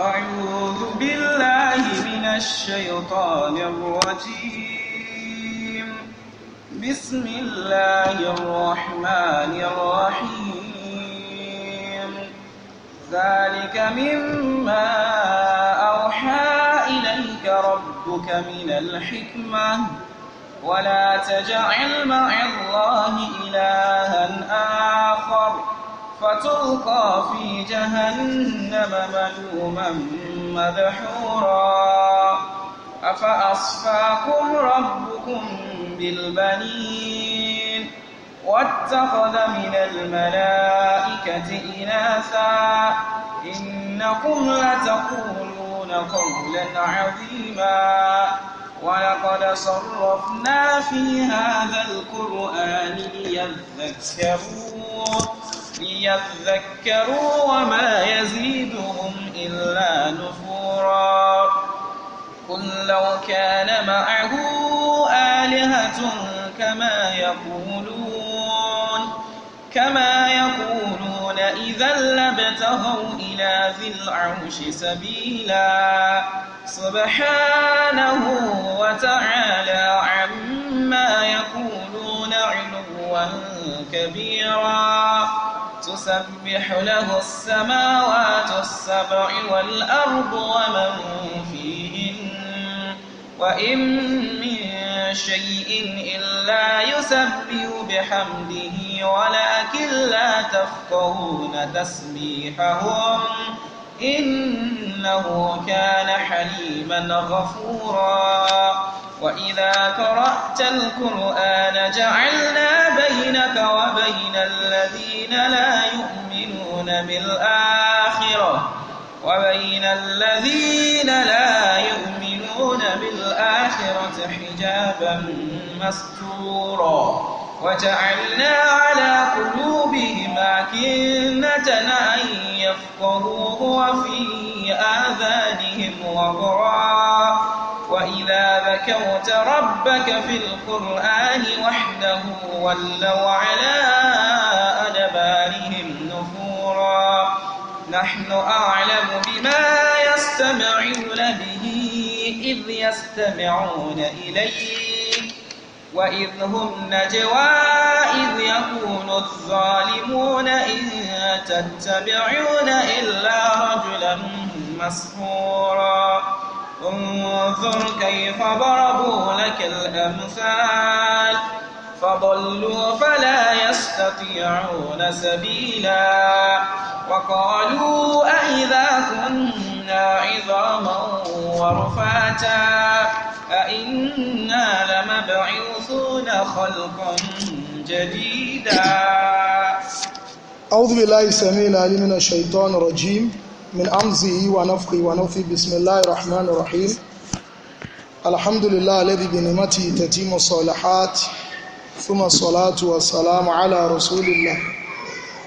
أعوذ بالله من الشيطان الرجيم بسم الله الرحمن الرحيم ذلك مما أوحى إليك ربك من الحكمة ولا تجعل مع الله إلها آخر فتلقى في جهنم ملوما مدحورا أفأصفاكم ربكم بالبنين واتخذ من الملائكة إناثا إنكم لتقولون قولا عظيما ولقد صرفنا في هذا القرآن ليذكروا ليذكروا وما يزيدهم إلا نفورا قل لو كان معه آلهة كما يقولون كما يقولون إذا لابتغوا إلى ذي العرش سبيلا سبحانه وتعالى عما يقولون علوا كبيرا تسبح له السماوات السبع والأرض ومن فيهن وإن من شيء إلا يسبح بحمده ولكن لا تفقهون تسبيحهم إنه كان حليما غفورا وإذا قرأت القرآن جعلنا بينك وبين الذين لا يؤمنون بالآخرة وبين الذين لا يؤمنون بالآخرة حجابا مستورا وجعلنا على قلوبهم أكنة أن يفقهوه وفي آذانهم وقرا وإذا ذكرت ربك في القرآن وحده ولوا على أدبارهم نفورا نحن أعلم بما يستمعون به إذ يستمعون إليه وإذ هم نجوى إذ يكون الظالمون إن تتبعون إلا رجلا مسحورا انظر كيف ضربوا لك الأمثال فضلوا فلا يستطيعون سبيلا وقالوا أئذا كنا عظاما ورفاتا أئنا لمبعوثون خلقا جديدا أعوذ بالله السميع العليم من الشيطان الرجيم من أمزه ونفخه ونفخه بسم الله الرحمن الرحيم الحمد لله الذي بنعمته تتم الصالحات ثم الصلاة والسلام على رسول الله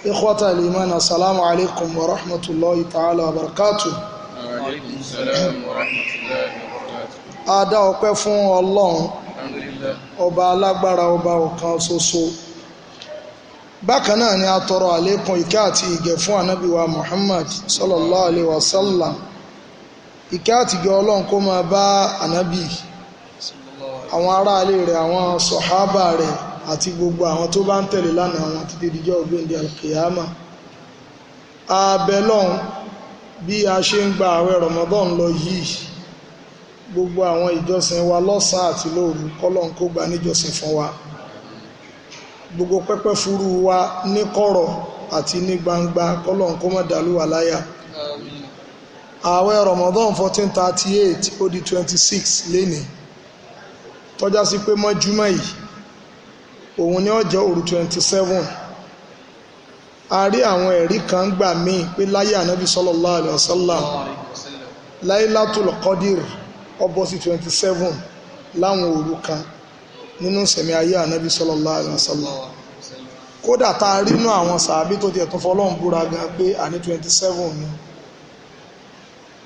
إخوة الإيمان السلام عليكم ورحمة الله تعالى وبركاته وعليكم السلام ورحمة الله وبركاته adá ọpẹ́ fún ọlọ́run ọba alágbára ọba ọ̀kan ṣoṣo bákan náà ni a tọrọ àlékún ìkẹ́ àti ìgẹ̀ fún ànábì wa Muhammad sallallahu alayhi wa sallam ìkẹ́ àtìgẹ̀ ọlọ́run kó máa bá ànábì àwọn aráalé rẹ̀ àwọn sọ̀hábà rẹ̀ àti gbogbo àwọn tó bá ń tẹ̀lé lánàá wọn títí dijọ́ ògbéǹde alkiyama abẹ́lọ́run bí a ṣe ń gba àwẹ̀ Ramadan lọ yìí gbogbo àwọn ìjọsìn wa lọ́sàn-án àti lóru kọ́lọ́n kó gba níjọsìn fún wa gbogbo pẹ́pẹ́ furu wa ní kọ̀rọ̀ àti ní gbangba kọ́lọ́n kó má dàlú wa láyà ààwẹ̀ Ramadan fourteen thirty eight ó di twenty six lénìí tọ́já sí pé mọ́júmọ́ yìí òun ni ó òru twenty seven a rí àwọn ẹ̀rí kan gbà míì pé láyé ànábì sallallahu alaihi wasallam láyé ọbọ̀ sí twenty seven láwọn òru kan nínú sẹ̀mí ayé ànábì sallallahu alaihi wasallam kódà tá a rí inú àwọn sàábí tó tiẹ̀ tún fọlọ́run búra gan pé àní twenty seven ni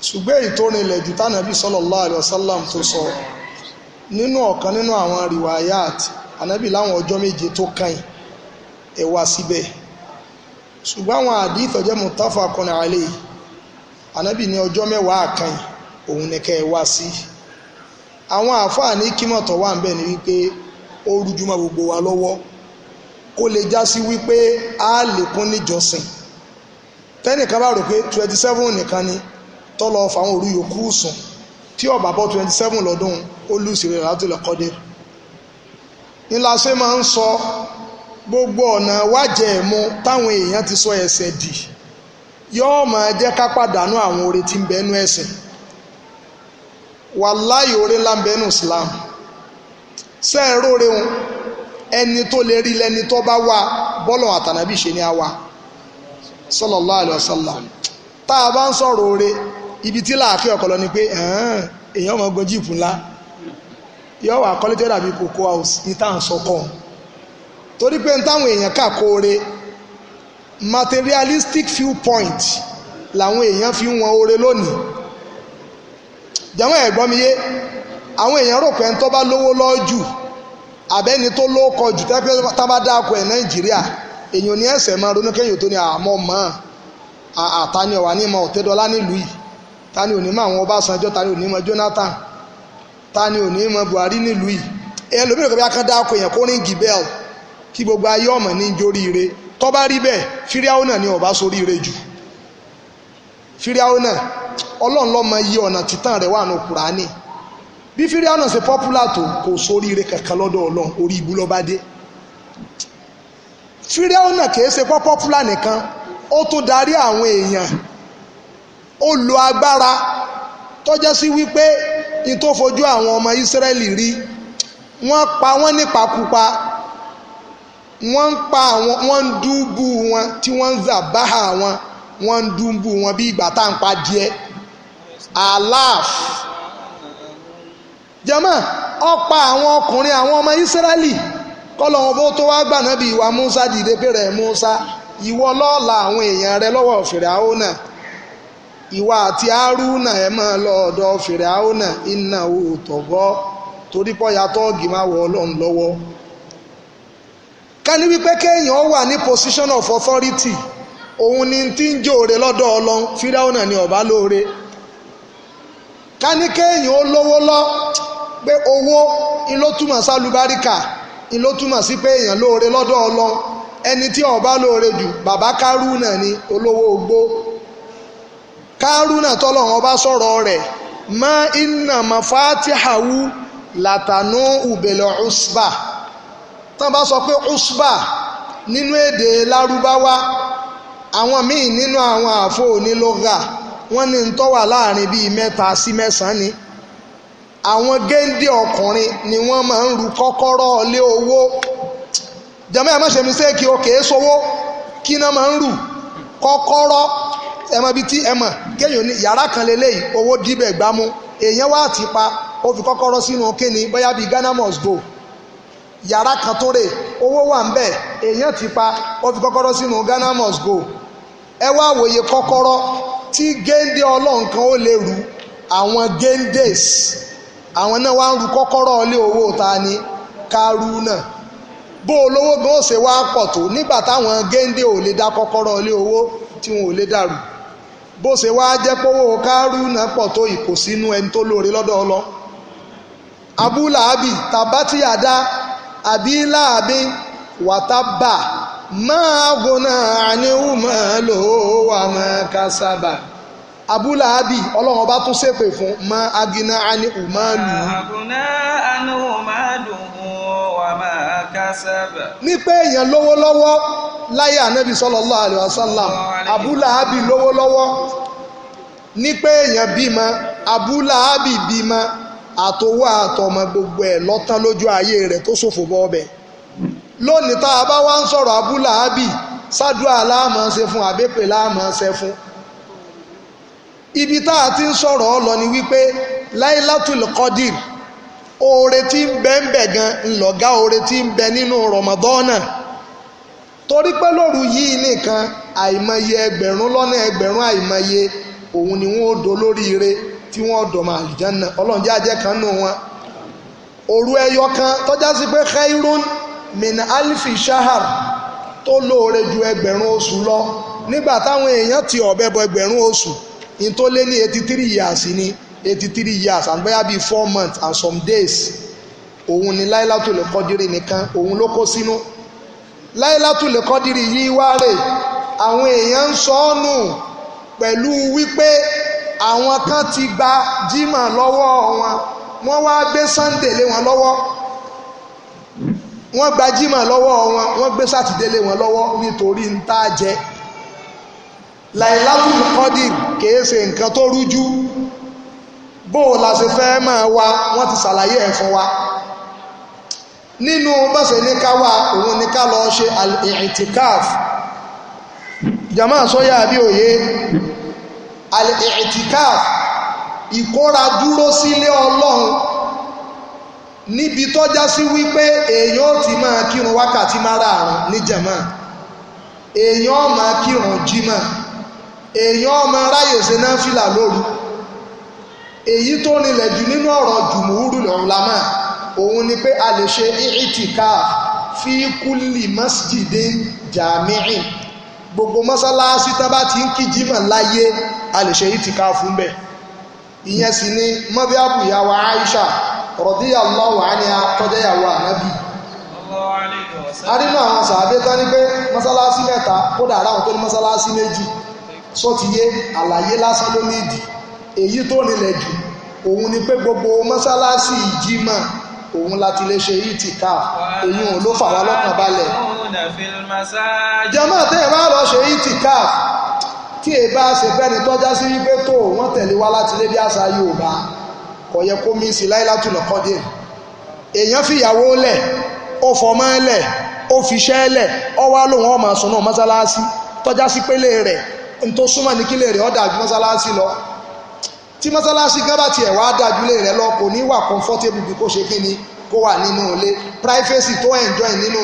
ṣùgbọ́n èyí tó jù tánàbí sallallahu alaihi wasallam tó sọ nínú ọ̀kan nínú àwọn riwayat ànábì láwọn ọjọ́ méje tó kàn ẹ̀ wá síbẹ̀ ṣùgbọ́n àwọn àdìtọ̀jẹ́ mutafakun alayhi ànábì ní ọjọ́ mẹ́wàá kàn yìí òun ni kẹ́ ẹ wá sí àwọn àáfàá ní kímọ̀tọ̀ wà ń bẹ̀ ni wípé ó rújúmọ́ gbogbo wa lọ́wọ́ kó lè já sí wípé a lè kún níjọsìn tẹ́nìkan bá rò pé twenty seven nìkan ni tọ́lọ fàwọn òru yòókù sùn tí ọ̀bà bọ́ twenty lọ́dún ó lùsì rẹ̀ láti lè kọ́dé ńlá máa ń sọ gbogbo ọ̀nà wájẹ̀ ẹ̀mú táwọn èèyàn ti sọ ẹ̀sẹ̀ dì yọ́ọ́ jẹ́ ká pàdánù àwọn oore tí ń bẹ́nu ẹ̀sìn wàláyé orí ńlá ń bẹ nù Islam sẹ́ẹ̀rọ rẹ̀ wọn ẹni tó lè rí lẹ́ni tó bá wà bọ́lọ̀ àtànàbí ṣe ni a wà sallallahu alaihi wasallam tá a bá ń sọ̀rọ̀ oore ibi tí láàfin ọ̀kọ̀lọ́ ni pé èèyàn ọmọ ogun jíìpù ńlá yóò wà kọ́lé tó dàbí cocoa house ní tá ń sọ torí pé táwọn èèyàn kàkó oore materialistic viewpoint làwọn èèyàn fi ń wọn oore lónìí jẹ́wọ́n ẹ̀gbọ́n mi yé àwọn èèyàn rò pé ń bá lówó lọ́jù àbẹ́ni tó ló kọ jù tẹ́pẹ́ tábàdá akọ ẹ̀ nàìjíríà èèyàn ní ẹ̀sẹ̀ máa ronú kẹ́yìn tó ní àmọ́ mọ́ àtàní ọ̀wà ní ní mọ̀ tani Jonathan Buhari nílùú yìí lómìnira kọ́ bí èèyàn kó gbogbo ayé ọ̀mọ̀ ní tọ́ bá rí bẹ́ẹ̀ náà ni fíríàwó náà ọlọ́run lọ́mọ iye ọ̀nà títàn rẹ̀ wà ní kùránì bí fíríàwó náà ṣe popular tó kò sóríire kankan lọ́dọ̀ ọlọ́run orí ibú ló dé fíríàwó náà kìí ṣe popular nìkan ó tún darí àwọn èèyàn ó lo agbára tọ́jọ́ sí wípé ní fojú àwọn ọmọ Ísírẹ́lì rí wọ́n pa wọ́n nípakúpa pa àwọn wọ́n ń wọn tí wọ́n ń wọn. wọ́n ń dúnbù wọn bí ìgbà tá à ń pa díẹ̀ aláàf jama ọ̀pá àwọn ọkùnrin àwọn ọmọ Ísírẹ́lì kọ́lọ̀ wọn bó tó wá gbà náà bí ìwà Musa dìde pé rẹ̀ Musa ìwọ lọ́ọ̀la àwọn èèyàn rẹ lọ́wọ́ Fìràónà ìwà àti Hárúnà ẹ̀ máa lọ ọ̀dọ̀ Fìràónà iná òótọ́gọ́ torí pọ́ yàtọ̀ gìmáwọ̀ ọlọ́run lọ́wọ́ ká ní wípé kéèyàn wà ní position of authority òun ni tí ń jòòrè lọ́dọ̀ ọlọ́run ụna ni ọ̀bá lóore ká ó lówó lọ pé owó ìló túmọ̀ sálùbáríkà sí pé èèyàn lóore lọ́dọ̀ ọlọ́run ẹni tí ọ̀bá lóore jù bàbá kárúnà ni olówó ogbó tọ́lọ́run ọba sọ̀rọ̀ rẹ̀ iná látànú sọ pé nínú èdè lárúbáwá àwọn míì nínú àwọn àfọ onílọ́gà wọ́n ní ntọ́wà láàrin bíi mẹ́ta sí mẹ́sàn-án ni àwọn géńdé ọkùnrin ni wọ́n máa ń ru kọ́kọ́rọ́ lé owó jẹ́mọ́ ẹ̀ má ṣe mistake o kèé sowó kí náà máa ń rù kọ́kọ́rọ́ ẹ̀mọ́ bíi tí ẹ̀mọ́ kéèyàn ní yàrá kan lélẹ́yìí owó díbẹ̀ gbámú èèyàn wá àti pa ó fi kọ́kọ́rọ́ sínú kíni bóyá bíi Ghana must go yàrá kan tó rè owó wà ń bẹ̀ èèyàn ti pa ó fi kọ́kọ́rọ́ sínú Ghana must go ẹ wá wòye kọ́kọ́rọ́ tí géńdé ọlọ́run kan ó lè rú àwọn géńdés àwọn náà wá ń ru kọ́kọ́rọ́ ilé owó ta ni kárú náà bó olówó gan ó ṣe wá pọ̀ tó nígbà táwọn géńdé ò lè dá kọ́kọ́rọ́ ilé owó tí wọn ò lè dàrú bó ṣe wá jẹ́ pówó kárú náà pọ̀ tó sínú ẹni tó lóore lọ́dọ̀ ọlọ́ abúlàábì tàbátìyàdá àbí láàbí wàtábà máa gbóná àníwùmọ́ ló wà máa ká sábà abúláàbì ọlọ́run ọba tún ṣépè fún má agina àníwùmọ́ lù ú. àgùnà àníwùmọ́ dùn wà máa ká sábà. ní pé èèyàn lówó lọ́wọ́ láyé ànábì sallallahu alaihi wasallam abúláàbì lówó lọ́wọ́ ní pé èèyàn bímọ abúláàbì bímọ àtòwò àtọmọ gbogbo ẹ̀ lọ́tán lójú ayé rẹ̀ tó ṣòfò bọ́ ọbẹ̀. lónìí tá a bá wá ń sọ̀rọ̀ abúlà ábì sádùá láàmú ṣe fún àbẹ́pẹ̀ láàmú ṣe fún ibi tá a ti ń sọ̀rọ̀ ọ ni wípé láìlátùl kọ́dìr oore ti ń bẹ ń bẹ gan ńlọ̀gá oore ti ń bẹ nínú rọmọdọ́nà torí pé lóru yìí nìkan àìmọye ẹgbẹ̀rún lọ́nà ẹgbẹ̀rún àìmọye òun ni wọ́n ó do lóríire tí wọ́n dọ̀mọ̀ àlùjánná ọlọ́run jẹ́ ajẹ́ kan wọn òru ẹyọ kan tọ́já sí pé khairun min alfi shahar tó lóore ju ẹgbẹ̀rún oṣù lọ nígbà táwọn èèyàn ti ọ̀bẹ bọ ẹgbẹ̀rún oṣù in tó lé ní eighty three years ni eighty three years and bóyá bíi four months and some days òun ni láìlátù lè kọ́dírì nìkan òun ló kó sínú láìlátù lè kọ́dírì yìí wá rè àwọn èèyàn ń sọ ọ́ nù pẹ̀lú wípé àwọn kan ti gba jimá lọ́wọ́ wọn wọ́n wá gbé sunday lé wọn lọ́wọ́ wọ́n gba jimá lọ́wọ́ wọn wọ́n gbé sátidélé wọn lọ́wọ́ nítorí ń tá a jẹ láìláàbù kọ́dì kìí ṣe nǹkan tó rújú bó la ṣe fẹ́ máa wá wọ́n ti ṣàlàyé ẹ̀ fún wa nínú bọ́sẹ̀ ní ká wá òun ní ká lọ ṣe al-i'tikaf jama sọ́yà bí òye al-i'tikaf ìkóra dúró sílé ọlọ́run níbi tọ́já sí wípé èèyàn ó ti máa kírun wákàtí márààrún níjàmá èèyàn ó máa kírun jímọ̀ èèyàn ó máa ráyè ṣe náfìlà lóru èyí tó rinlẹ̀ jù nínú ọ̀rọ̀ jùmùúrù lọ́wọ́lámà òun ni pé a lè ṣe itikaf fi kulli masjidin jami'in gbogbo mọ́sálásí tá bá ti ń kí jímọ̀ láyé a lè ṣe itikaf fún bẹ́ẹ̀ ìyẹn sì ni mọ́bíàbù ìyàwó Aisha radiyallahu anha tọ́jẹ́yàwó ànábì a nínú àwọn sàábé tán ní pé mọ́sálásí mẹ́ta kódà ara àwọn tó ní mọ́sálásí méjì só ti yé àlàyé lásán ló ní ìdí èyí tó nílẹ̀ jù òun ni pé gbogbo mọ́sálásí ìjímọ̀ òun láti lè ṣe yìí ká èyí òun ló fà wá lọ́kàn balẹ̀ jọmọ́ tẹ́ ẹ bá lọ ṣe yìí ká tí ẹ bá ṣe bẹ́ni tọ́já sí wípé tó wọ́n tẹ̀lé wá láti lé bí àṣà Yorùbá kò yẹ kó mí sí láìláàtù lọ́kọ́ díẹ̀ èèyàn fìyàwó lẹ̀ ó fọmọ́ lẹ̀ ó lẹ̀ ọ wá lòun ọmọ àsùnà mọ́sálásí tọ́já sí pélé rẹ̀ n tó súnmọ́ ní kílé rẹ̀ ó lọ tí mọ́sálásí gan bá tiẹ̀ wá lọ kò ní wà comfortable bí kò wà nínú ilé privacy tó nínú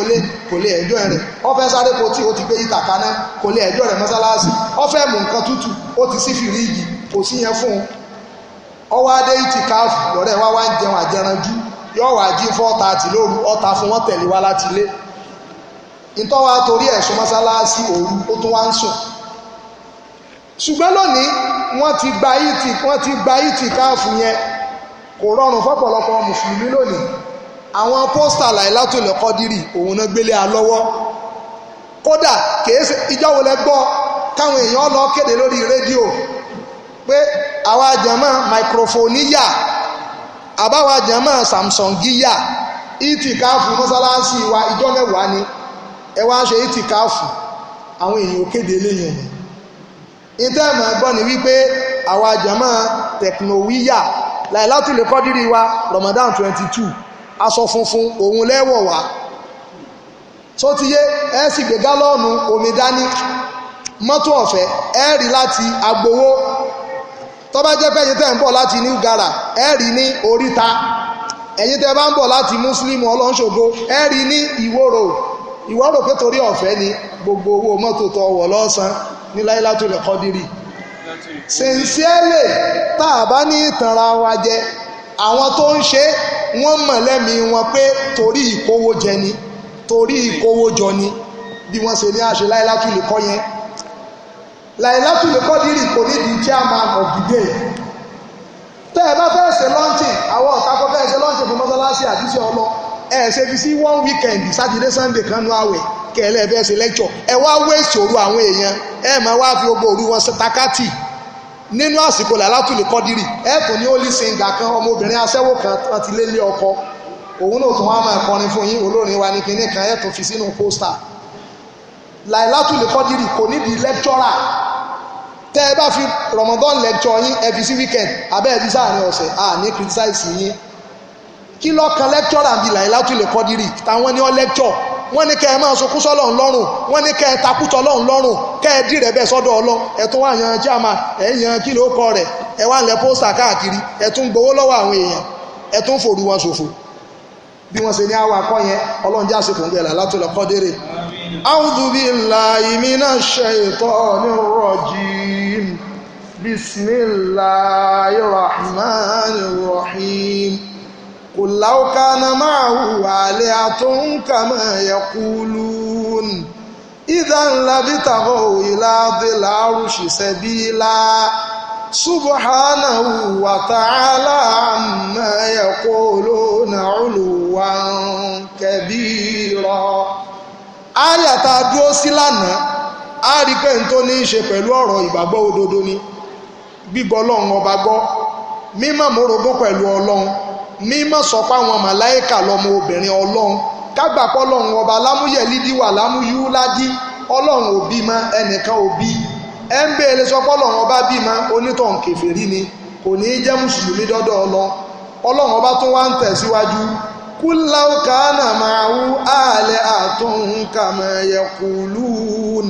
ọwọ́ adé ìtì káàfù lọ́rẹ́ wá wá ń jẹun àjẹranjú yóò wá jí fọ́ ọ̀tà àti lóru ọ̀tà fún wọn tẹ̀lé wá láti ilé ìtọ́wà torí ẹ̀sùn mọ́sálásí òru ó tún wá ń sùn ṣùgbọ́n lónìí wọ́n ti gba ìtì wọ́n ti gba ìtì káàfù yẹn kò rọrùn fọ́pọ̀lọpọ̀ mùsùlùmí lónìí àwọn pósítà láìlátò lẹ́kọ́ dírì òun náà gbélé a lọ́wọ́ kódà kèé ìjọ́wọ́lẹ́gbọ́ káwọn èèyàn lọ kéde lórí rédíò pé àwa jẹ̀mọ́ microphone yà àbáwa jẹ̀mọ́ samsung yà ìtìkáàfù mọ́sálásí wa ìjọ mẹ́wàá ni ẹ wá ń ṣe ìtìkáàfù àwọn èèyàn òkéde léyìn ọ̀nà ìtẹ́ẹ̀mọ̀ ẹ̀gbọ́n ni wípé àwa jẹ̀mọ́ tẹknowíyà láìlátù lè kọ́dírí wa Ramadan 22 aṣọ funfun òun lẹ́wọ̀ wá tó ti yé ẹ sì gbé gálọ́ọ̀nù omi dání mọ́tò ọ̀fẹ́ ẹ rí láti agbowó tọ́ba jẹ́ pé ẹ̀yin tẹ́ ń bọ̀ láti new gara ẹ̀ rí ní oríta ẹ̀yin tẹ́ bá ń bọ̀ láti muslim ọlọ́nṣogo ẹ̀ rí ní ìwòrò ìwòrò pé torí ọ̀fẹ́ ni gbogbo owó mọ́tò tó wọ̀ lọ́sàn ní láyélátò lè kọ́ dírì sincerely tá a bá ní ìtanra wa jẹ àwọn tó ń ṣe wọ́n mọ̀ lẹ́mìí wọn pé torí ìkówó jẹ ni torí ìkówó jọ ni bí wọ́n ṣe ní àṣẹ láyélátò lè kọ́ yẹn Lailatul Qadr kò ní di chairman of the day tẹ́ ẹ bá fẹ́ ṣe lọ́ńtì àwọn ọ̀tàkọ́ fẹ́ ṣe lọ́ńtì fún mọ́sálásí àdúsí ọlọ ẹ ṣe fi sí one weekend sátidé sunday kan nú àwẹ̀ kẹlẹ́ fẹ́ ṣe lecture ẹ wá wéṣì òru àwọn èèyàn ẹ máa wá fi gbogbo òru wọn ṣàtàkàtì nínú àsìkò Lailatul Qadr ẹ kò ní ó lè singa kan ọmọbìnrin aṣẹ́wó kan tán ti lé lé ọkọ òun náà tún wá máa kọrin fún yín olórin wa ní kinní kan ẹ̀ tún fi sínú pósítà Lailatul Qadr kò nídìí lecturer tẹ́ ẹ bá fi Ramadan lecture yín ẹ fi sí weekend abẹ́ ẹ fi sáàrin ọ̀sẹ̀ à ní criticize yín kí lọ́kàn lecturer àbí làyílátù lè kọ́ dírì táwọn ní ọ́ lecture wọ́n ní kẹ́ ẹ máa sunkún sọ́lọ́run lọ́rùn wọ́n ní kẹ́ ẹ takútọ̀ lọ́run lọ́rùn kẹ́ ẹ dìrẹ̀ bẹ́ẹ̀ sọ́dọ̀ ọlọ́ ẹ tún wá yan chairman ẹ yan kí ló kọ rẹ̀ ẹ wá lẹ pósítà káàkiri ẹ tún gbowó lọ́wọ́ àwọn èèyàn ẹ tún fòru wọn ṣòfò bí wọ́n ṣe ní àwọn akọ́ yẹn ọlọ́run jẹ́ àṣepọ̀ ń gbẹ̀lá látọ̀ lọ́kọ́ dérè. a'udhu billahi minash shaytanir rajim bismillahir rahmanir rahim qul law kana ma'ahu alihatun kama yaqulun idhan labitaghaw ila dhil arshi sabila. subhanahu wa ta'ala amma yaquluna uluwan kabira àyà tá a dúró sí a rí pé n tó ní ṣe pẹ̀lú ọ̀rọ̀ ìgbàgbọ́ ni gbígbọ́ ọba gbọ́ mímọ̀ mórogún pẹ̀lú ọlọ́run sọ obìnrin ọba wà òbí ẹnìkan òbí ẹ ń béèrè sọpọ́ lọ́run ọba bímọ onítọ̀hún kèfèrí ni kò ní í jẹ́ mùsùlùmí dọ́dọ̀ ọlọ ọlọ́run ọba tún wá ń tẹ̀síwájú kúláwó kánà máa wú àlẹ́ àtúnkà mẹ́yẹ kùlùún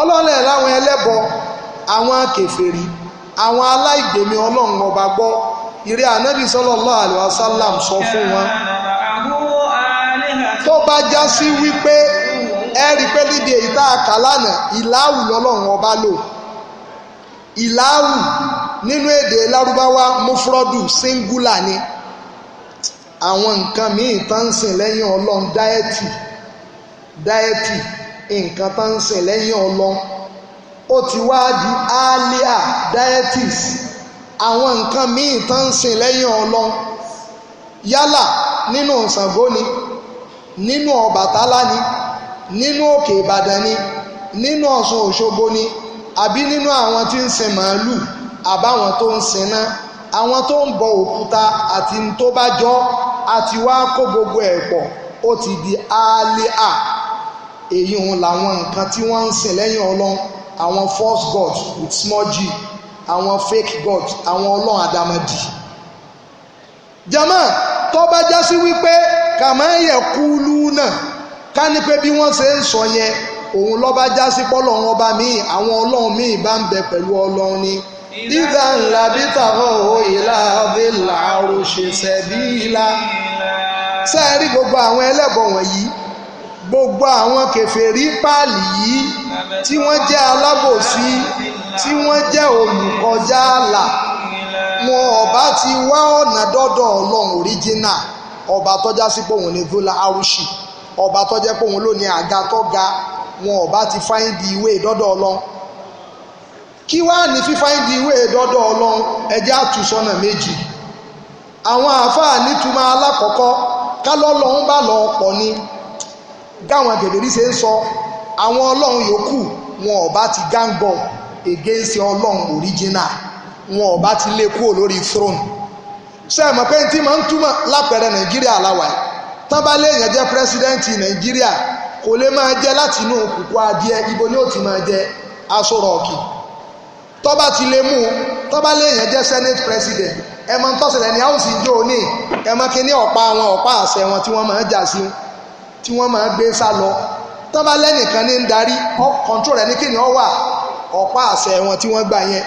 ọlọ́lẹ̀ láwọn ẹlẹ́bọ àwọn kèfèrí àwọn aláìgbèmí ọlọ́run ọba gbọ́ ìrẹ́ ànábì sallallahu alaihi sọ fún wọn tó bá já sí wípé ẹ rí pé níbi èyí tá a kà lánàá ìláwù lọ́lọ́run ọba lò ìláwù nínú èdè lárúbáwá mufrodu singular ni àwọn nǹkan míì tá ń sìn lẹ́yìn ọlọ́run dáẹ́tì dáẹ́tì nǹkan tá ń sìn lẹ́yìn ọlọ́run ó ti wá di alia dieties àwọn nǹkan míì tá ń sìn lẹ́yìn ọlọ́run yálà nínú Ṣàngó ni nínú Ọbàtálá ni nínú òkè ìbàdàn ni nínú ọ̀ṣun òṣogbo ni àbí nínú àwọn tí ń sin màálù àbáwọn tó ń sinná àwọn tó ń bọ òkúta àti tó bá jọ àti wá kó gbogbo ẹ̀ pọ̀ ó ti di alia èyí òun làwọn nǹkan tí wọ́n ń sìn lẹ́yìn ọlọ́run àwọn false gods with small g àwọn fake gods àwọn ọlọ́run àdàmọ̀dì jama tó bá já sí wípé kàmáyẹ̀ kúlú náà ká ní pé bí wọ́n ṣe ń sọ yẹn òun lọ́ba já sí pọ́lọ́run ọba míì àwọn ọlọ́run míì bá ń bẹ pẹ̀lú ọlọ́run ni ìdá ńlá bí tàwọn òhò ìlà ọdẹ làárò ṣe ṣẹ̀bí ìlà sẹ́ẹ̀rí gbogbo àwọn ẹlẹ́bọ̀ wọ̀nyí gbogbo àwọn kèfèrí páàlì yìí tí wọ́n jẹ́ alábòsí tí wọ́n jẹ́ olùkọjá àlà wọn ọba ti wá ọ̀nà dọ́dọ̀ ọlọ́run oríjìnà ọba tọ́já sí pé òun vula arushi ọba tó jẹ́ pé òun ló ní àga tó ga wọn ọba ti fáìndì ìwé ìdọ́dọ̀ ọlọ́run kí wàá ní fífáìndì ìwé ìdọ́dọ̀ ọlọ́run ẹjẹ́ àtúnṣọ́nà méjì àwọn àáfàá nítumọ̀ alákọ̀ọ́kọ́ kálọ́lọ́hún bá lọ ọ̀pọ̀ ni gáwọn gèdèrí ṣe ń sọ àwọn ọlọ́run yòókù wọn ọba ti gáǹgọ̀ against ọlọ́run original wọn ọba ti lé kúrò lórí throne ṣé ẹ mọ̀ pé tí máa ń túmọ̀ lápẹẹrẹ nàìjíríà láwàá tábà léèyàn jẹ́ pírẹ́sídẹ́ǹtì nàìjíríà kò lè máa jẹ láti inú kùkú adìẹ ibo ni ó ti máa jẹ aṣọ rọ̀ọ̀kì tọ́ba ti lè mú tọ́ba léèyàn jẹ́ senate president ẹmọ tọ́sílẹ̀ ní house ìjọ òní ẹmọ kìíní ọ̀pá wọn ọ̀pá àṣẹ wọn tí wọ́n máa jà sí tí wọ́n máa gbé sá lọ tọ́ba lẹ́nìkan ní ń darí control rẹ̀ ní kìíní ọ wà ọ̀pá àṣẹ wọn tí wọ́n gbà yẹn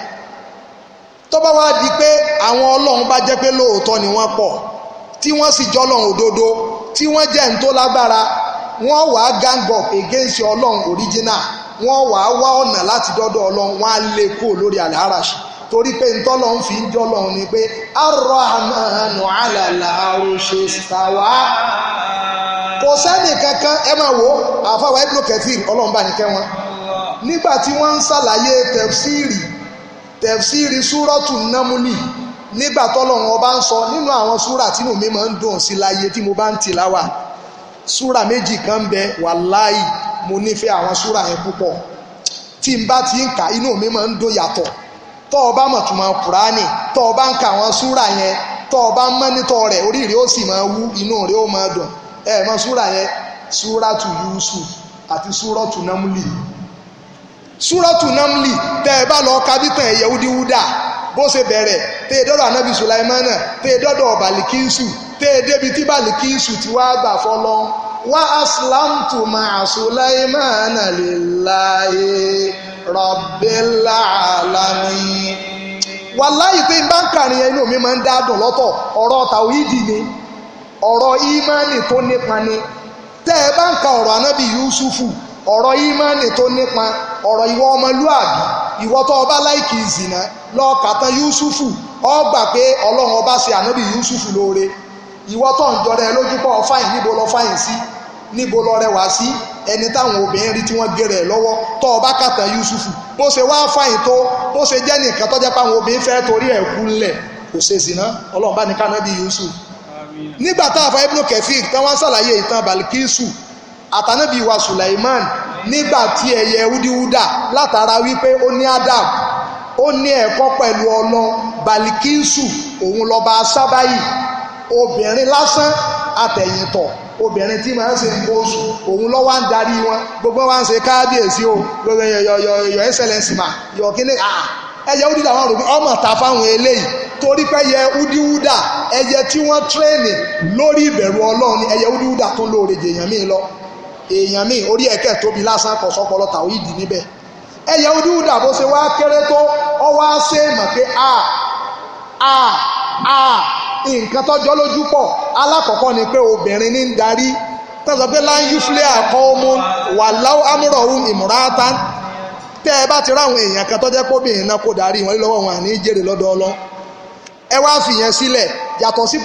tọ́ba wá di pé àwọn ọlọ́run bá jẹ́ pé lóòótọ́ ni wọ́n pọ̀ tí wọ́n sì jọ́ lọ́run òdodo tí wọ́n jẹ́ ní tó lágbára wọ́n wàá gang up against ọlọ́run original wọ́n wàá wá ọ̀nà láti dọ́dọ̀ ọlọ́run wọ́n á lé kúrò lórí àlẹ́ torí pé ntọ́lọ́hún fi ń jọ́lọ́hún ni pé arọ́hàmánù àlàlà àròṣe ṣàwá. kò sẹ́ni kankan ẹ máa wo àfàwà ibùdó kẹfìrì ọlọ́mùbá nìkẹ́ wọn. nígbà tí wọ́n ń ṣàlàyé tẹ̀fsíìrì tẹ̀fsíìrì súrọ́tù námúlì nígbà tọ́lọ́run ọba ń sọ nínú àwọn súrà tínú mi máa ń dùn sí láyé tí mo bá ń tìláwà súrà méjì kan bẹ wàláì mo nífẹ̀ẹ́ àwọn súrà yẹn púpọ̀ tí n bá ti ń kà inú mi máa ń dùn yàtọ̀ tọ́ ọ bá mọ̀ tó máa kùránì tọ́ ọ ń ka àwọn súrà yẹn tọ́ ọ bá ń mọ́nítọ́ rẹ̀ orí rẹ̀ ó sì máa wú inú rẹ̀ ó máa dùn ẹ̀ mọ́ súrà yẹn súrà tù Yusuf àti súrà tù Namli súrà tù Namli tẹ́ ẹ bá lọ kábítàn ẹ̀yẹ wúdiwúdà bó ṣe bẹ̀rẹ̀ tẹ́ dọ́dọ̀ anabi sulaimana tẹ́ ẹ dọ́dọ̀ balikinsu tẹ́ ẹ débi tí balikinsu ti wá gbà fọlọ́ wá aslamtu ma'a sulaimana lillahi rabbil alamin wàláyì pé bá ń kàrin inú mi máa ń dádùn lọ́tọ̀ ọ̀rọ̀ tàwídì ni ọ̀rọ̀ ìmánì tó nípa ni tẹ́ ẹ bá ọ̀rọ̀ anabi yusufu ọ̀rọ̀ ìmánì tó nípa ọ̀rọ̀ ìwọ ọmọlúàbí ìwọ tó ọba láìkì ìzìnà lọ́ọ̀kàtàn Yusufu ọgbà pé ọlọ́run ọba ṣe ànábì Yusufu lóore ìwọ tó ń jọra ẹ lójú pọ̀ fáyìn níbo lọ fáyìn sí níbo lọ rẹwà ọba kàtàn Yusufu bó ṣe wá fáyìn tó bó ṣe jẹ́ nìkan tó jẹ́ pé obìnrin fẹ́ torí ẹ̀ bá ní yusufu nígbà táwọn afọ ibùdó kẹfì tí wọ́n ṣàlàyé ìtàn Balikisu àtànábì wa Sulaiman nígbà tí ẹyẹ wúdiwúdà látara wípé ó ní Adam ó ní ẹ̀kọ́ pẹ̀lú ọlọ Balikisu òun lọ́ba sábàyì obìnrin lásán àtẹ̀yìntọ̀ obìnrin tí màá ń ṣe nǹkan oṣù òun lọ́wọ́ à ń darí wọn gbogbo wa ń ṣe kábíyèsí o gbogbo yọ excellence ma yọ kí ni ẹyẹ wúdiwúdà wọn rò pé ọmọ ta fáwọn eléyìí torí pé ẹyẹ wúdiwúdà ẹyẹ tí wọ́n tírẹ́ẹ̀nì lórí ìbẹ̀rù ọlọ́run ẹyẹ wúdiwúdà tó lóore jèèyàn míì lọ èèyàn míì orí ẹ̀kẹ́ tóbi lásán kọ̀ sọ́pọ̀lọ́ níbẹ̀ ẹ̀yẹ ojúdà bó ṣe wá kéré tó ọ wá ṣe mọ̀ pé a a a nǹkan tọ́jọ́ lójú pọ̀ alákọ̀ọ́kọ́ ni pé obìnrin ní darí tọ́jọ́ pé láyé àkọ́ ọmú wà láwọ́ ẹ bá ti èèyàn kan náà darí wọn lọ́wọ́ wọn àní jèrè ẹ wá fìyẹn sílẹ̀ yàtọ̀ sí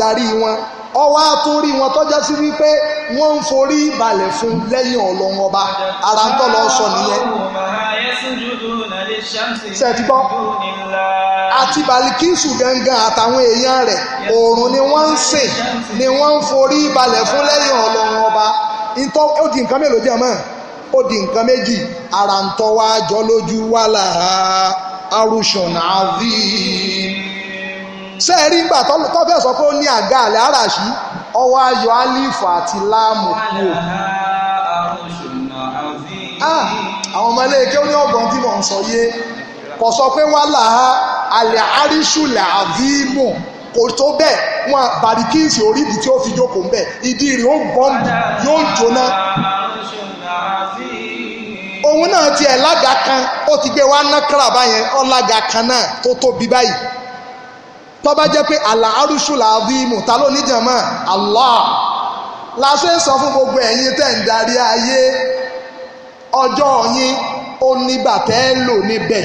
darí wọn ọwọ́ àtúrí wọn tọ́já sí wípé wọ́n ń forí balẹ̀ fún lẹ́yìn ọba ara ń lọ sọ nìyẹn. sẹ́tìgbọ́ àti balikisu gangan àtàwọn èèyàn rẹ̀ oòrùn ni wọ́n ń sìn ni wọ́n ń forí balẹ̀ fún lẹ́yìn ọlọ́run ọba ìtọ́ ó di nǹkan mélòó di nǹkan méjì ara ń tọ́ wá jọ lójú wàhálà ṣé ẹ rí gbà tọ́fẹ́ sọ pé ó ní àga àlẹ́ àràṣí ọwọ́ ayọ̀ alifu àti láàmù kú o àwọn ọmọ iléeké ó ní ọgbọ̀n tí mò ń sọ yé kò sọ pé wọ́n là á àlẹ́ àríṣù làvímù kò tó bẹ́ẹ̀ wọn bàríkìsì orídìí tí ó fi jókòó bẹ́ẹ̀ ìdí rẹ̀ ó bọ́ǹdì yóò jóná òun náà tiẹ̀ lága kan ó ti gbé wa nákàrà báyẹn ọ̀làga kan náà tó tóbi báyìí tó bá jẹ́ pé àlàárùsù làdímù ta ló ní jàmá Allah la ṣe sọ fún gbogbo ẹ̀yin tẹ́ ń darí ayé ọjọ́ yín ó nígbà tẹ́ lò níbẹ̀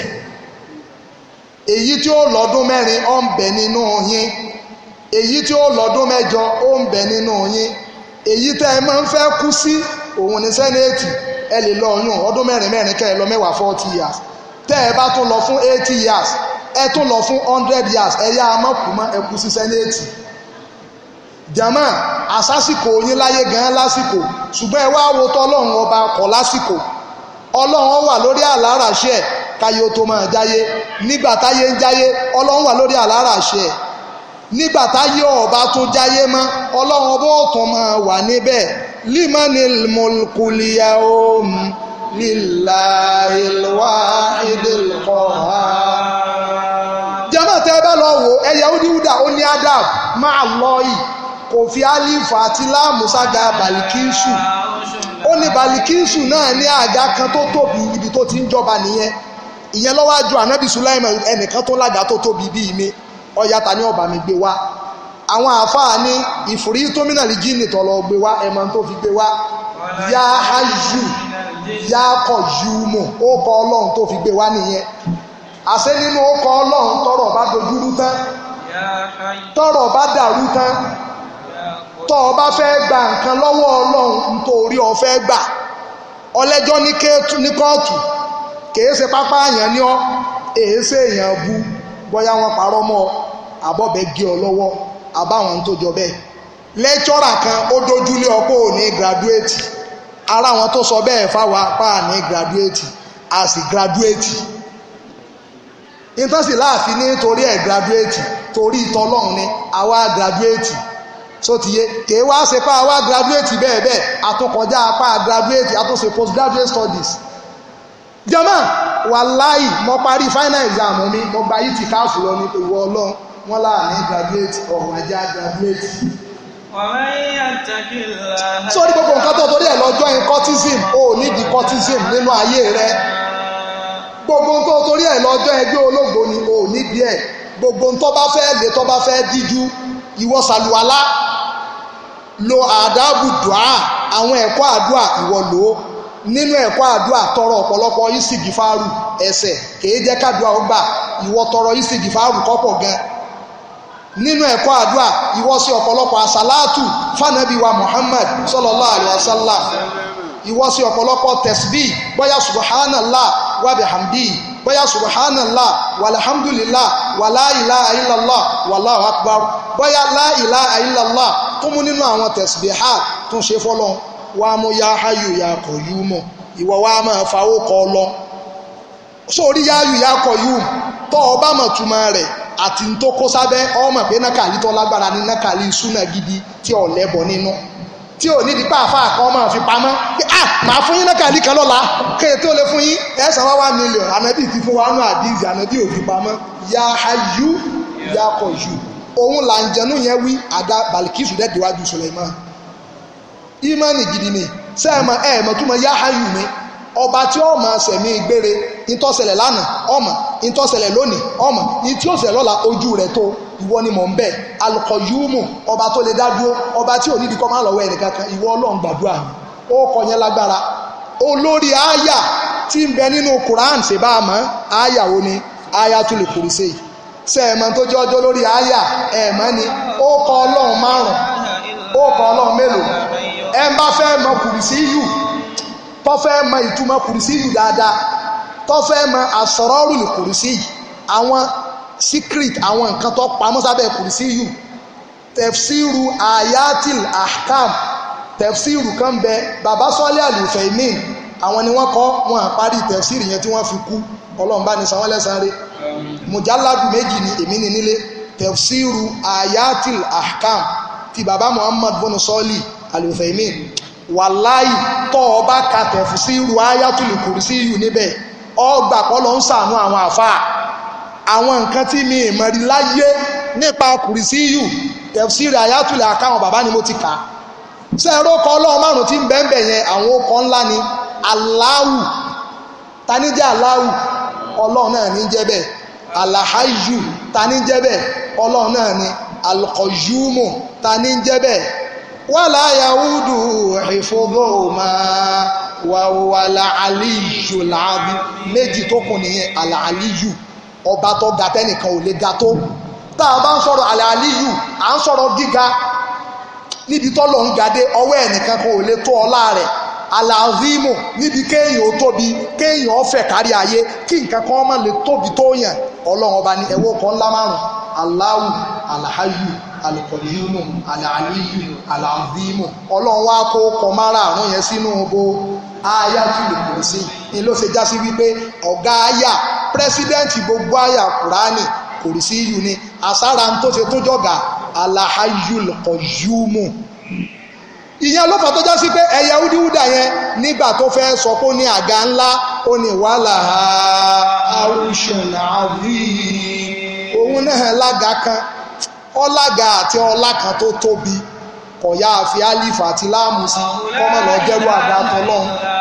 èyí tí ó lọ́dún mẹ́rin ó ń bẹ nínú yín èyí tí ó lọ́dún mẹ́jọ ó ń bẹ nínú yín èyí tẹ́ ẹ máa ń fẹ́ kú sí òun ní sẹ́nẹ̀tì ẹ lè lọ ọyún ọdún mẹ́rin mẹ́rin kẹ́ ẹ lọ mẹ́wàá forty years tẹ́ ẹ bá tún lọ fún eighty years ẹ tó lọ fún hundred years ẹ yá amọ̀kùmọ́ ẹ kú sí sẹ́nẹ́ẹ̀tì jama àsásìkò yín láyé gan lásìkò ṣùgbọ́n ẹ wá wo tọ́ ọlọ́run ọba kọ̀ lásìkò ọlọ́run wà lórí àláràṣẹ ẹ̀ káyé ó tó máa jáyé nígbà táyé ń jáyé ọlọ́run wà lórí àláràṣẹ nígbà táyé ọba tó jáyé mọ́ ọlọ́run ọba ọ̀tún máa wà níbẹ̀ limanil mulkuliya omu lillahi alwahidil qahhar. lọ wò ẹ yahudi ó ní adam máa lọ yìí kò fi alifa àti láàmú sága balikinsu ó ní balikinsu náà ní àga kan tó tóbi ibi tó ti ń jọba nìyẹn ìyẹn lọ́wọ́ ju anabi sulaimu ẹnìkan tó lága tó tóbi bíi mi ọ̀yá ta ni ọba mi gbé wá àwọn àáfàá ní ìfòrí tómìnà lè jí nìtọ̀ lọ gbé wá ẹ̀mọ́ tó fi gbé wá yá hayu yá kọ̀ yúmọ̀ ó kọ ọlọ́run tó fi gbé wá nìyẹn àṣẹ nínú ọkọ̀ ọlọ́run tọrọ bá dojúrú tán tọrọ bá dàrú tán tọ́ ọ bá fẹ́ gba nǹkan lọ́wọ́ ọlọ́run nítorí ọ gbà ọlẹ́jọ́ ní kóòtù kèé ṣe pápá àyàn ní ọ èé ṣe èèyàn bu bóyá wọn parọ́ mọ́ ọ àbọ̀bẹ gé ọ lọ́wọ́ àbáwọn tó jọ bẹ́ẹ̀ lẹ́tọ́rà kan ó dojú lé ọ pé ò ní gradúétì ara àwọn tó sọ bẹ́ẹ̀ fáwọn apá ní gradúétì a sì gradúétì. ìtọ́sí láàfin ní torí ẹ̀ gradúétì torí ìtọ́lọ́run ni àwa gradúétì sótìyé kèé wá ṣe pa àwa gradúétì bẹ́ẹ̀ bẹ́ẹ̀ àtúnkọjá apá gradúétì àtúnṣe postgraduate studies jọmọ wàláì mo parí final exam mi mo gba yìí ti káàfù lọ ní ìwọ Ọlọ́run wọn láàrin graduate ọ̀hún ẹja graduate sórí gbogbo nǹkan tó torí ẹ̀ lọ́jọ́ in cortism ó nídìí cortism nínú ayé rẹ̀ gbogbo ń tó torí ẹ̀ lọ́jọ́ ẹgbẹ́ olóògbò ni o ò nídìí ẹ̀ gbogbo ń tó bá fẹ́ lè tó bá fẹ́ díjú ìwọ sàlùwàlá lo àdábù dùá àwọn ẹ̀kọ́ àdúà ìwọ lò ó nínú ẹ̀kọ́ àdúà tọrọ ọpọlọpọ ìsìgì fáàrù ẹsẹ̀ kèé jẹ́ kádùá ó ìwọ tọrọ ìsìgì fáàrù kọ́pọ̀ gan nínú ẹ̀kọ́ àdúà ìwọ sí ọ̀pọ̀lọpọ̀ àsàlátù fànàbíwa Muhammad sallallahu alaihi wasallam ìwọ sí ọ̀pọ̀lọpọ̀ tẹ̀síbí bóyá subhanallah wa bihamdi bóyá subhanallah walhamdulillah wala ilaha illallah wallahu akbar bóyá la ilaha illallah tó mú nínú àwọn tẹ̀síbíhà tó ń ṣe fọ́lọ́ wa mú ya hayyu ya qayyumu ìwọ wa máa fawó kọ lọ sórí ya hayyu ya qayyum tó o bá mọ̀ túmọ̀ rẹ̀ àti tó sábẹ́ ọmọ pé nákàlí tó ní nákàlí súnà gidi tí ò lẹ́bọ̀ tí ò ní di pa àfa kan máa fi pamọ́ ah màá fún yín lọ́kàlí kan lọ́la kéye tó lè fún yín ẹ sọ wá mílíọ̀n ànábì ti fún wa nù àdìsí ànábì ò fi pamọ́ ya ayú ya kọjú òun là ń jẹnu yẹn wí àga balikisu dẹ́ diwájú Suleiman imani gidi ni sẹ́ẹ̀mọ ẹ̀ẹ̀mọ túmọ̀ ya ayú mi ọba tí ó máa sẹ̀mí gbére ìtọ́sẹ̀lẹ̀ lánàá ọmọ ìtọ́sẹ̀lẹ̀ lónìí ọmọ ìtí ó ṣẹlẹ̀ lọ́la ojú rẹ̀ tó ìwọ ni mò ń bẹ̀ alukọ̀yúmù ọba tó lè dá dúró ọba tí ò nídìí kọ́ máa lọ́wọ́ ẹnì kankan ìwọ ọlọ́run gbàdúrà ó kọ yẹn lágbára olórí àyà tí ń bẹ nínú Quran ṣe bá a mọ̀ àyà wo ni àyà tó lè kúrú sí i ṣe ẹ̀mọ́ tó jẹ́ ọjọ́ lórí àyà ẹ̀mọ́ ni ó kọ ọlọ́run márùn ó kọ ọlọ́run mélòó ẹ̀ ń bá fẹ́ mọ kùrù sí yù tó fẹ́ mọ ìtumọ̀ kùrù sí yù dáadáa tó fẹ́ mọ àsọ̀rọ̀rù ní kùrù sí yì àwọn secret àwọn nǹkan tó pamọ́ sábẹ́ kùrìsíyù tẹ̀fsíru ayatil ahkam tẹ̀fsíru kan bẹ bàbá sọ́lé àlùfẹ̀mí àwọn ni wọ́n kọ́ wọn àparí tẹ̀fsíru yẹn tí wọ́n fi kú ọlọ́run bá ní sanwó lẹ́sàn-án rẹ̀ mùjáládù méjì ni èmi ní nílé tẹ̀fsíru ayatil ahkam ti bàbá muhammad bọ́nu sọ́lé àlùfẹ̀mí wàláì tọ́ ọ bá ka tẹ̀fsíru ayatul kùrìsíyù níbẹ̀ ọgbà kọ́ lọ ń sàánú àwọn àfáà àwọn nǹkan tí mi ìmọ̀ rí láyé nípa kùrìsí yù tẹ̀síìrì àyàtúlẹ̀ àkáwọn bàbá ni mo ti kà á ṣé ẹ̀rọ ọkọ̀ ọlọ́run márùn-ún ti ń bẹ́ẹ̀nbẹ̀ yẹn àwọn ọkọ̀ ńlá ni aláwù tani jẹ́ aláwù ọlọ́run náà ní jẹ́ bẹ́ẹ̀ alahaju tani jẹ́ bẹ́ẹ̀ ọlọ́run náà ni alkọ̀júmù tani jẹ́ bẹ́ẹ̀ wàlá yahudu ìfowópamọ́ wàwàlà aliyu làbí méjì tó kù nìyẹn alàlíyù. Al ọba tó ga tẹ́nìkan ò lè ga tó tá a bá ń sọ̀rọ̀ àlàálíyù à ń sọ̀rọ̀ gíga níbi tọ́lọ̀ ń gadé ọwọ́ ẹnìkan kan lè tó ọlá rẹ̀ àlàáfíìmù níbi kéèyàn ó tóbi kéèyàn ó fẹ̀ kárí ayé kí nǹkan kan má lè tóbi tó yàn ọlọ́run ọba ní kan ńlá márùn aláwù àlàáyù àlàáfíìmù ni ló ṣe já sí wípé pírẹsidẹ́ǹtì gbogbo àyà kùránì kò rí sí yù ni àsára tó ṣe tó jọ̀gà alahayul kọ̀yúmù ìyẹn ló fà tó já sí pé ẹ̀yà wúdiwúdà yẹn nígbà tó fẹ́ sọ pé ó ní àga ńlá ó ní wàhálà àrùsùn àbí òun náà lága kan ọlága àti ọlá kan tó tóbi kọ̀yà àfi alif àti láàmù kọ́mọ̀lọ́jẹ́rú àgbà tọ́lọ́hún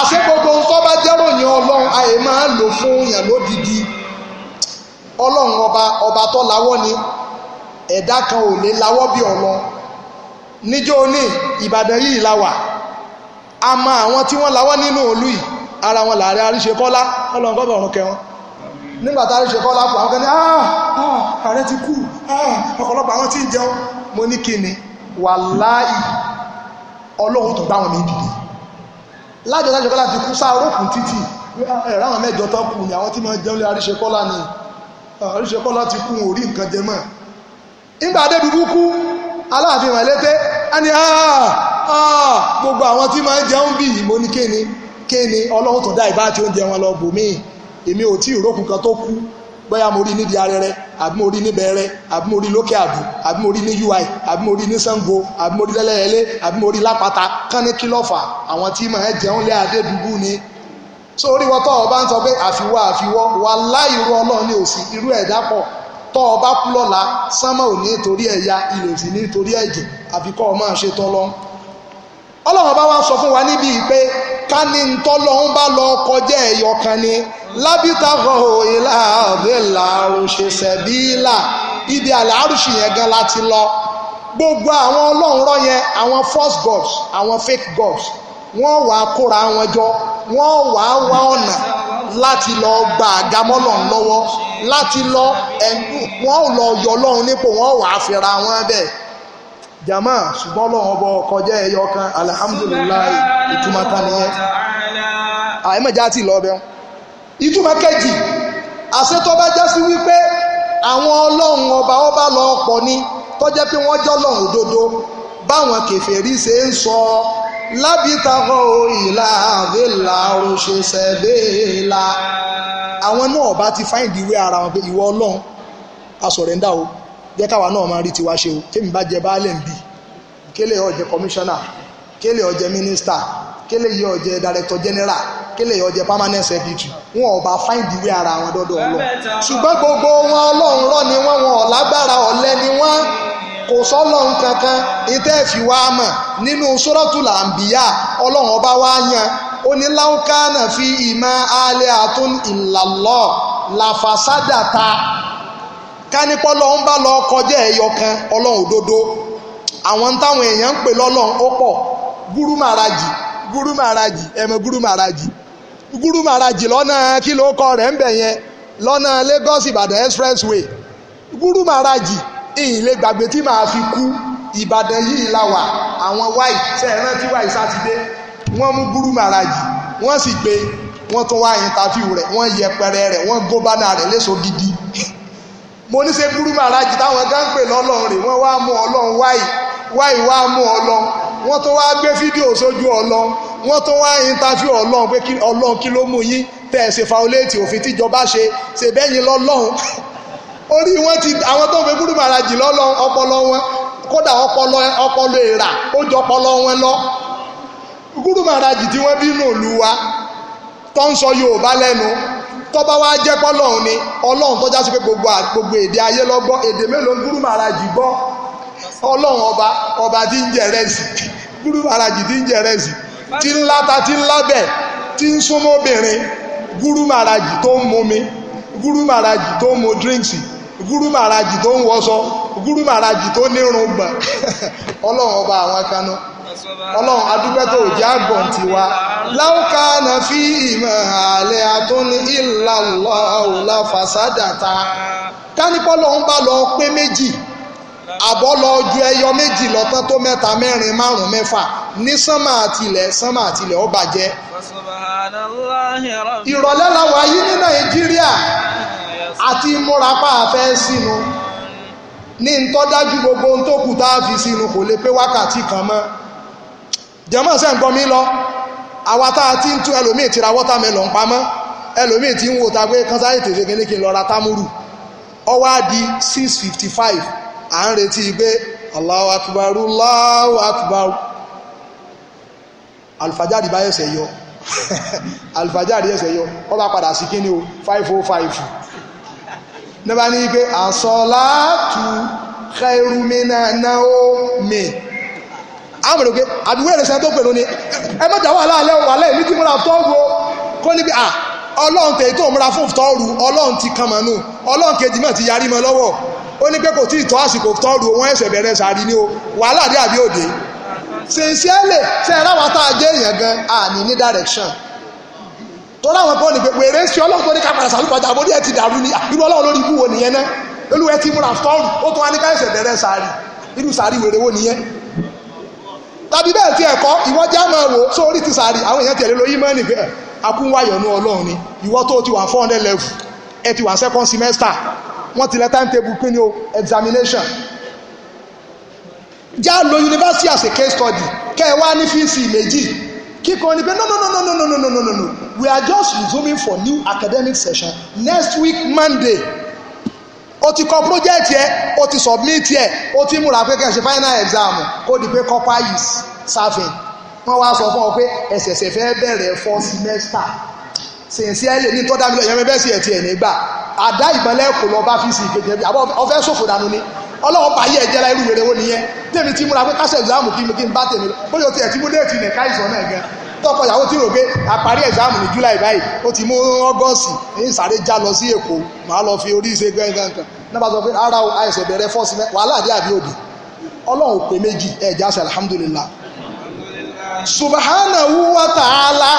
àṣẹ gbogbo nǹkan bá jẹ́ ròyìn ọlọ́run àyè máa lò fún yàn lódìdí ọlọ́run ọba ọba tó lawọ́ ni ẹ̀dá kan ò lè lawọ́ bí ọlọ́run níjọ́ òní ìbàdàn yìí la wà a mọ àwọn tí wọ́n lawọ́ nínú òlu yìí ara wọn làárẹ̀ àríṣekọ́lá ọlọ́run kọ́ bọ̀rùn kẹwọn nígbà tá a ríṣe kọ́lá pọ̀ àwọn kan ní ah, ah, ààrẹ ti kú ah, ọ̀pọ̀lọpọ̀ àwọn tí ń jẹun mo ní kí ni wàláì ọlọ́run tó bá wọn ní ìdílé lájọ tájọ kọ́lá ti kú sáàrókùn títì ẹ̀rọ àwọn mẹ́jọ tó kù ní àwọn tí máa jẹun lé àríṣekọ́lá ni àríṣekọ́lá ti kú orí nǹkan jẹ mọ́ nígbà adébíbú kú aláàfin rẹ̀ lété ẹni gbogbo àwọn tí máa jẹun bí ìmọ̀ ní kéne kéne ọlọ́run tó dá ìbá bóyá mo rí níbi arẹrẹ àbí mo rí níbẹ̀rẹ̀ àbí mo rí lókè àbù àbí mo rí ní ui àbí mo rí ní Ṣàngó àbí mo rí lẹ́lẹ́ẹ̀lẹ́ àbí mo rí lápáta kán ní kílọ̀fà àwọn tí màá jẹun lé adé dúdú ni so orí wọn tọ́ọ̀ bá ń sọ pé àfiwọ́ àfiwọ́ wà láìrú ọlọ́run ní òsì irú ẹ̀dá pọ̀ tọ́ọ̀ bá kú lọ́la sánmà ò ní torí ẹ̀yà ilẹ̀ òsì ní torí ẹ̀jẹ̀ àfikọ́ ọ máa ṣe tọ́lọ́run ọlọ́run bá wá sọ fún wa níbi pé ká ní ntọ́lọ́hún bá lọ kọjá ẹ̀yọ kan ni lábítàkọ̀ ìlà àbẹ̀là òṣèṣẹ̀bílà ibi àlẹ́ àrùsì yẹn gan láti lọ gbogbo àwọn ọlọ́run rọ yẹn àwọn false gods àwọn fake gods wọ́n wàá kóra wọn jọ wọ́n wàá wá ọ̀nà láti lọ gba àgámọ́lọ́run lọ́wọ́ láti lọ wọ́n lọ yọ ọlọ́run nípò wọ́n wàá fira wọn bẹ́ẹ̀ jama ṣùgbọ́n ọlọ́run ọbọ̀ kọjá ẹyọ kan alihamudulilayi ìtumọ̀ kan nìyẹn àìmọ̀já ti lọ bẹ́ẹ̀ ìtumọ̀ kejì àṣetọ́ bá já sí wípé àwọn ọlọ́run ọba ọba lọ pọ̀ ni tọ́jẹ́ pé wọ́n jọ́ lọ́run òdodo báwọn kèfèrí ṣe ń sọ lábìtàkọ́ ìlà àbẹ́là òṣèṣẹ́ bẹ́ẹ̀la àwọn náà bá ti fáìndì ìwé ara wọn pé ìwọ ọlọ́run a sọ̀rẹ́ńdà o jẹ́ káwa náà máa rí tiwa ṣe o kémi bá jẹ baálé ń bì kélé ó jẹ kọmíṣánná kélé ó jẹ mínísítà kélé yìí dàrẹ́tọ̀ jẹ́nẹ́rà kélé yìí ó jẹ wọn ò bá find ara wọn dọ́dọ̀ ọlọ ṣùgbọ́n gbogbo wọn ọlọ́run rọ́ ni wọ́n wọn ọ̀lágbára ọ̀lẹ ni wọ́n kò sọ́lọ́run kankan ìtẹ́ fi wá mọ̀ nínú suratul anbiya ọlọ́run ọba wá yan ó náà fi ìmọ̀ alẹ́ àtún ìlàlọ́ làfàṣádàta kánípọ́ lọ́hún bá lọ kọjá ẹ̀yọ kan ọlọ́run òdodo àwọn táwọn èèyàn ń pè lọ́lọ́run ó pọ̀ gúrú màràjì gúrú màràjì ẹ̀mọ gúrú màràjì gúrú màràjì lọ́nà kí ló kọ rẹ̀ ń bẹ̀ yẹn lọ́nà Lagos Ìbàdàn expressway gúrú màràjì ìyìn lè gbàgbé tí màá fi kú Ìbàdàn yìí la wà àwọn wáì ṣe é rántí wáì sátidé wọ́n mú gúrú màràjì wọ́n sì gbé wọ́n tún wá ìntàfíù rẹ̀ wọ́n yẹpẹrẹ rẹ̀ wọ́n góbánà rẹ̀ léṣo gidi mo ní ṣe burú màrájì táwọn gán pè lọ́lọ́run rè wọ́n wá mú ọlọ́run wáyì wáyì wá mú ọlọ́run wọ́n tó wá gbé fídíò sójú ọlọ́run wọ́n tó wá interview ọlọ́run pé ọlọ́run kí ló mú yín tẹ̀ ṣe fáwọlẹ́ẹ̀tì òfin tíjọba ṣe ṣe bẹ́yìn lọ́lọ́run orí wọn ti àwọn tó ń fi burú màrájì lọ́lọ́run ọpọlọ wọn kódà ọpọlọ ọpọlọ èèrà ó jọ ọpọlọ wọn lọ gúrú màrájì tí wọ́n bínú òlu tó ń sọ Yorùbá lẹ́nu tọ́ba wa jẹ́ pọ́lọ́hún ni ọlọ́run tọ́já sí pé gbogbo èdè ayé lọ́gbọ́ èdè mélòó ń gúrú gbọ́ ọlọ́run ọba ọba tí ń jẹ rẹ́sì gúrú màràjì tí ń jẹ rẹ́sì tí ń láta tí ń lábẹ̀ tí ń gúrú tó ń mumi gúrú màràjì tó ń mu tó ń wọṣọ gúrú màràjì ọba lauka na fi ime àlẹ́ àtúní ìlà ọ̀la fàṣádàta kánípọ́lọ́ ń bá lọ pé méjì àbọ̀ lọ ju eyo méjì lọ́tán tó mẹ́ta mẹ́rin márùn-ún mẹ́fà ní ati àtìlẹ̀ sánmà ati ó o baje la wà yí ní nàìjíríà àti múrapá àfẹ́ sínú ní ntọ́dájú gbogbo ohun tá a fi sinu kò le pé wákàtí kan mọ́ jẹ́mọ̀ sẹ́ńgbọ́n mi lọ àwa tá a ti ń tú ẹlòmíì ti ra watermelon pamọ́ ẹlòmíì ti ń wò ta pé kan sáré tètè kí n lọ ra támúrù ọwọ́ di six fifty five à ń retí pé Allahu Akbar Alfajari Akbar alifajari bá ẹsẹ̀ yọ alifajari ẹsẹ̀ yọ ó bá padà sí kíni o five oh five nígbà ní pé àsọlá tu khairu mina náà ó àwọn ọmọdé àdúgbò ẹ̀rọ sẹ́ni tó pè lónìí ẹ mẹ́ta wà láàlẹ́ wà lẹ́yìn ní kí múra tọ́ọ̀rù o kó níbi à ọlọ́run tèyí tó múra fún tọ́ọ̀rù ọlọ́run ti kan mọ̀nù ọlọ́run kejì náà ti yarí mọ́ lọ́wọ́ ó ní pé kò tí ì tọ́ àsìkò tọ́ọ̀rù wọn ẹ̀sẹ̀ bẹ̀rẹ̀ sàrí ni o wàhálà dé àbí òde sincerely ṣe ẹ ráwa tá a jẹ èèyàn gan a ní ní direction tó láwọn kan ní pé wèrè sí ọlọ́run tó ní ká padà sàlùpàjà àbórí ẹ ti dàrú ni irú ọlọ́run lórí ikú wo nìyẹn náà olú ẹ ti múra tọ́ọ̀rù ó tún wá ní ká ẹ̀sẹ̀ bẹ̀rẹ̀ sàrí irú sàrí wèrè wo nìyẹn tàbí bẹ́ẹ̀ tí ẹ̀kọ́ ìwọ́n já máa wò sórí ti sàárì àwọn èèyàn tẹ̀lé lóyún mọ́ nìgbẹ́ akúnwáyọ̀nú ọlọ́run ni ìwọ́ tó ti wà four hundred level ẹ ti wà second semester wọ́n ti lẹ́ timetable pín ní o examination já lo university as a case study kẹ́ ẹ wá ní fíìsì méjì kíkọ́ ni pé no no no no no no no no no we are just resuming for new academic session next week Monday o ti kọ project yẹ o ti submit yẹ o ti múra pé kẹsì final exam kó di pé copper is serving wọn wá sọ fún ọ pé ẹsẹsẹ fẹ́ bẹ̀rẹ̀ four semester sincerely ní tọ́da mílíọ̀nù yẹn bẹ́ẹ̀ sì ẹ̀ tiẹ̀ nígbà àdá ìbọnlẹ̀ kò lọ bá fi sí ìkejì ẹbí àbọ̀ ọfẹ́ sòfò dànù ni ọlọ́wọ́ bá yẹ ẹ̀jẹ̀ la irú wèrè wo nìyẹn tèmi ti múra pé kásẹ̀ exam kí mi kí n bá tèmi bóyá o ti ẹ̀ ti mú déètì nìka ìsọ̀ náà gan tọkọ ìyàwó tí rò pé àparí exam ní July báyìí ó ti mú August ń sáré já lọ sí Èkó màá lọ fi orí ṣe gbẹ̀ngàn kan náà bá sọ pé ara o àìsàn bẹ̀rẹ̀ fọ́ọ̀sì mẹ́ wàhálà àdé àbí òdì ọlọ́run pé méjì ẹ̀já sí alhamdulillah subhanahu wa ta'ala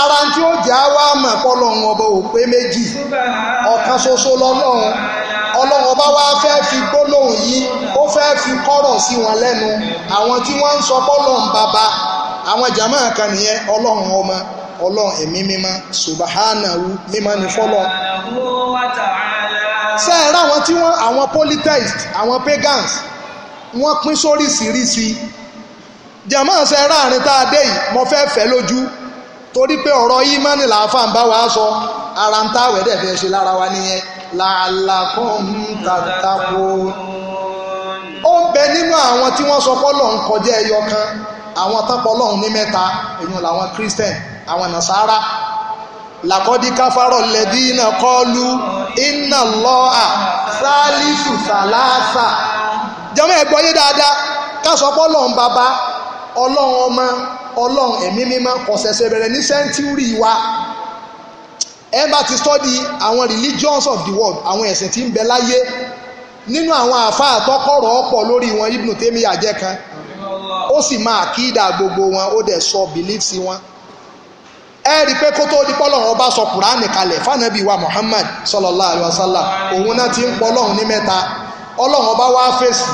ara tí ó jẹ́ àwa mọ̀ pọ́lọ́run ọba ò pé méjì ọ̀kan ṣoṣo lọ́lọ́run ọlọ́run ọba wa fẹ́ fi gbólóhùn yìí ó fẹ́ fi kọ́rọ̀ sí wọn lẹ́nu àwọn tí wọ́n ń sọ pọ́lọ́run bàbá àwọn jàmọ́ kan nìyẹn ọlọ́run ọmọ ọlọ́run ẹ̀mí mímọ́ subhanahu mímọ́ ni fọ́lọ́run ṣe é ráwọn tí wọ́n àwọn polytheist àwọn pagans wọ́n pín sóríṣiríṣi jẹ̀mọ́ ṣe é ráàrin tá a dé yìí mo fẹ́ fẹ́ lójú torí pé ọ̀rọ̀ ìmánì làáfà ń bá wa sọ ara ń táwẹ̀ dẹ̀ fẹ́ ṣe lára wa nìyẹn làálàkùn tàtàkù ó ń bẹ nínú àwọn tí wọ́n sọ pọ́lọ̀ ń kọjá ẹyọ kan àwọn tápọ̀ ọlọ́run ní mẹ́ta èyí làwọn christian àwọn nasara làkọ́dí káfárọ̀ lẹ́dínà kọ́lu iná lọ́à sálísù sàlásà jọmọ ẹ gbọ́yé dáadáa kásọpọ̀ ọlọ́run bàbá ọlọ́run ọmọ ọlọ́run ẹ̀mí mímọ́ ọ̀sẹ̀sẹ̀ bẹ̀rẹ̀ ní sẹ́ńtúrì wa ẹ ti study àwọn religions of the world àwọn ẹ̀sìn tí ń bẹ láyé nínú àwọn àáfàá tọkọ̀rọ̀ ọ̀pọ̀ lórí wọn Ibn Taymiyyah jẹ́ kan ó sì máa kí gbogbo wọn ó dẹ̀ sọ beliefs wọn. ẹ rí pé ọba sọ kùránì kalẹ̀ fànàbí wa Muhammad sallallahu alayhi wa òun náà ti ń ní mẹ́ta ọlọ́hún ọba wá fèsì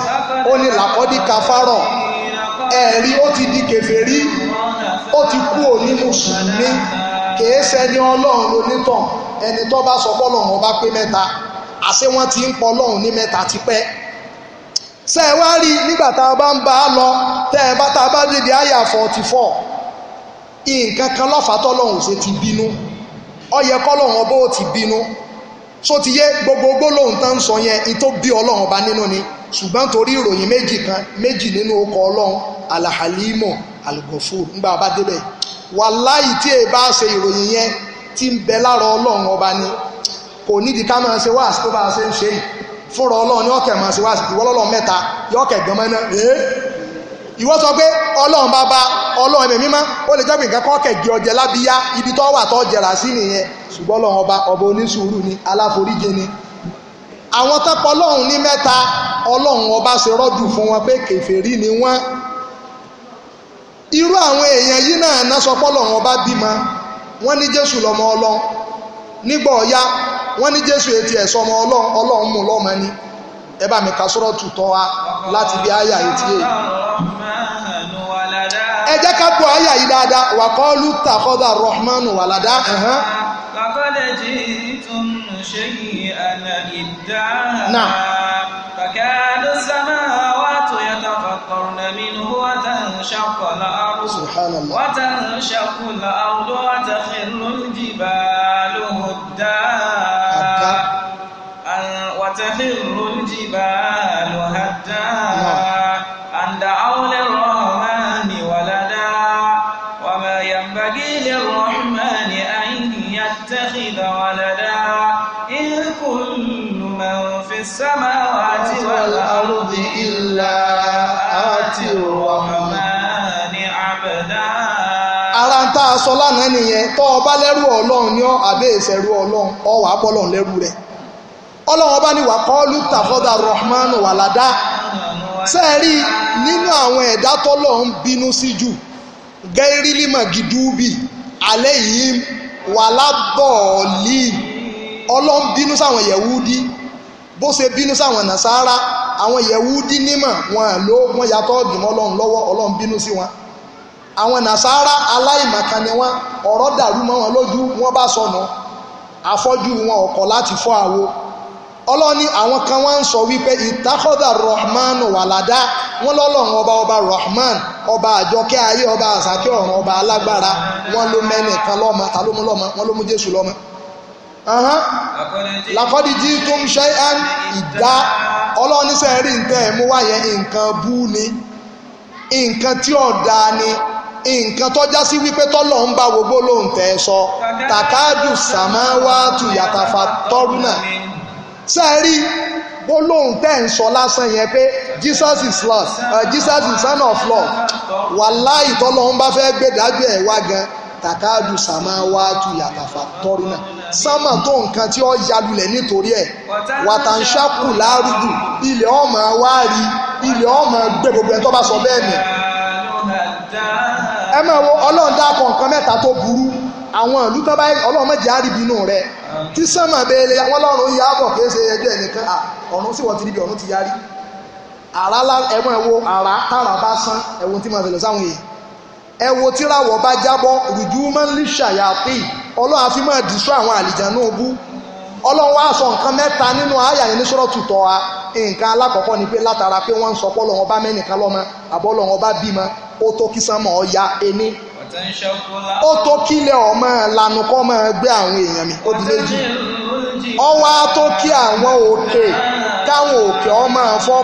ó ní làkọ́dí kafárọ̀ ẹ ó ti di kèfèrí ó ti kú òní mùsùlùmí onítàn ẹni tó bá sọ ọba pé mẹ́ta àṣé wọ́n ti ń ní mẹ́ta tipẹ́ wá rí nígbà lọ bá tá a nǹkan kan lọ́fà tọ́lọ́hùn ṣe ti bínú ó yẹ kọ́lọ́hùn ọba ó ti bínú só ti yé gbogbo gbólóhùn tán ń sọ yẹn ìtó bí ọlọ́hùn ọba nínú ni ṣùgbọ́n torí ìròyìn méjì kan méjì nínú ọkọ̀ ọlọ́hùn alahalimo alugofur ńgbà bá débẹ̀ wàláì tí e bá ṣe ìròyìn yẹn tí ń bẹ lára ọlọ́run ọba ni kò nídìí ká máa ṣe wáàsí tó bá ṣe ń ṣe yìí fúnra ọlọ́run ni ọ̀kẹ́ máa ṣe wáàsí ìwọ́lọ́lọ́ mẹ́ta yọ̀ọ̀kẹ́ gbọ́n mẹ́ná ìwọ sọ pé ọlọ́run bàbá ọlọ́run ẹ̀mí mímọ́ ó lè jẹ́ pé nǹkan kọ́kẹ́ gé ọjẹ́ lábíyá ibi tó wà tó jẹrà sí nìyẹn ṣùgbọ́n ọlọ́run ọba ọba onísùúrù ni aláforíjì ni àwọn tọ́pọ̀ ọlọ́run ní mẹ́ta ọlọ́run ọba ṣe rọ́jù fún wọn pé kèfèrí ni wọ́n irú àwọn èèyàn yìí náà ná sọ pọ́ ọlọ́run ọba bímọ wọ́n ní jésù lọ́mọ ọlọ́run nígbà ọ̀yá wọ́n ní jésù etí ẹ̀sọ́ ọmọ ọlọ́run ọlọ́run mú lọ́mọ ni ẹ bá mi ka sọ́rọ̀ tutọ́ wa láti bí àyà etí yé ẹ jẹ́ ká bọ̀ àyà yìí dáadáa wà kọ́ lù tàkọ́dà rahman wàlàdá. kàkọ́dà jí tún ṣe yìí àná ìdá. náà. فكاد السماوات يتفطرن منه وتنشق الأرض سبحان الله وتنشق الأرض وتخر sọ lánàá nìyẹn tọ́ ọ bá lẹ́rù ọlọ́run ní ọ àbẹ́ ìṣẹ̀rù ọlọ́run ọ wàá bọ́lọ̀ lẹ́rù rẹ̀ ọlọ́run ọba ní wàá kọ́ lùtà fọ́dà rahman wàládà sẹ́ẹ̀rí nínú àwọn ẹ̀dá tọ́lọ̀ ń bínú sí jù gẹ́rìlímọ̀ gidúbì alẹ́ yìí wàlábọ̀ọ̀lì ọlọ́run bínú sáwọn yẹ̀wúdí bó ṣe bínú sáwọn nàṣàrà àwọn yẹ̀wúdí nímọ̀ wọn ló wọn yàtọ̀ ọ̀dùnmọ́ ọlọ́run lọ́wọ́ ọlọ́run bínú sí wọn. àwọn nasara aláìmọ̀kan ọ̀rọ̀ dàrú mọ́ wọn lójú wọ́n bá sọ̀nà afọ́jú wọn ọkọ̀ láti fọ́ àwo ọlọ́ni àwọn kan wá ń sọ wípé ìtakọ́dà rahman wàládá wọn lọ́lọ́run ọba ọba rahman ọba àjọkẹ́ ayé ọba àsàkẹ́ ọ̀run ọba alágbára wọn ló lọ́mọ wọn ló jésù lọ́mọ. nǹkan tọ́já sí wípé tọ́lọ̀ ń bá gbogbo lóhùn tẹ́ ẹ sọ takadu samawatu yàtàfà tọ́rùnà sẹ́ẹ̀rí gbólóhùn tẹ́ ń sọ lásán yẹn pé Jesus is lost. uh, Jesus is son of love wàláì tọ́lọ̀ ń bá fẹ́ gbèdájú ẹ̀ wá gan takadu samawatu yàtàfà tọ́rùnà sámà tó nǹkan tí ó yalulẹ̀ nítorí ẹ̀ wàtàǹṣàkù lárúgù ilẹ̀ ọmọ wárí ilẹ̀ ọmọ gbẹ tó bá sọ bẹ́ẹ̀ ni. ẹ máa wo ọlọ́run dákọ̀ nǹkan tọ tó burú àwọn ìlú tó bá ọlọ́run mẹ́jẹ̀ àríbínú rẹ̀ tí sánmà bẹ́ẹ̀lẹ̀ àwọn yà á bọ̀ kí ó ṣe ẹjọ́ ẹ̀nìkan sì ti níbi ọ̀run ti yarí àrá ẹ̀wọ̀n ẹ̀wọ̀ tààrà bá sán tí mo sáwọn sọ nǹkan nínú àyà ní nǹkan ni pé látara ó tó kí ọ ya ó tó kílẹ̀ ọmọ lanu kọ́ mọ́ gbé àwọn èèyàn mi ó di méjì ọ tó kí àwọn òkè káwọn òkè ọmọ fọ́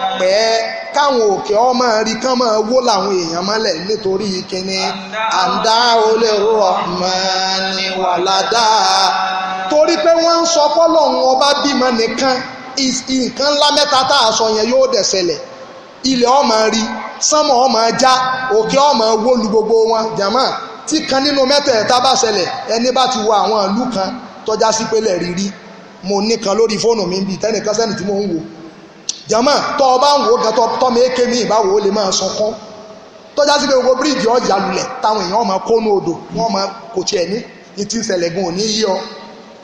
káwọn òkè ọmọ rí kán máa wó làwọn èèyàn mọ́lẹ̀ nítorí kíni àǹdá wà torí pé wọ́n ń sọ pé ọba bímọ nìkan nǹkan ńlá mẹ́ta tá a yẹn yóò dẹ̀ ilẹ̀ ọmọ rí sánmọ̀ ọmọ já òkè ọmọ wólu gbogbo wọn jàmá tí kan nínú mẹ́tẹ̀ẹ̀ta bá ṣẹlẹ̀ ẹni bá ti wo àwọn ìlú kan tọ́já sí pélẹ̀ rírí mo ní lórí fóònù mi bíi tẹ́nìkan sẹ́ni tí mo ń wo jàmá tọ́ ọ bá ń wo gan tọ́ mi éké mi ìbáwo lè máa sọkún tọ́já sí pé gbogbo bíríìjì ọjà lulẹ̀ táwọn èèyàn ọmọ kónú odò wọn ọmọ kò tiẹ̀ ní ìtì ìṣẹ̀lẹ̀ gan ò ní yí ọ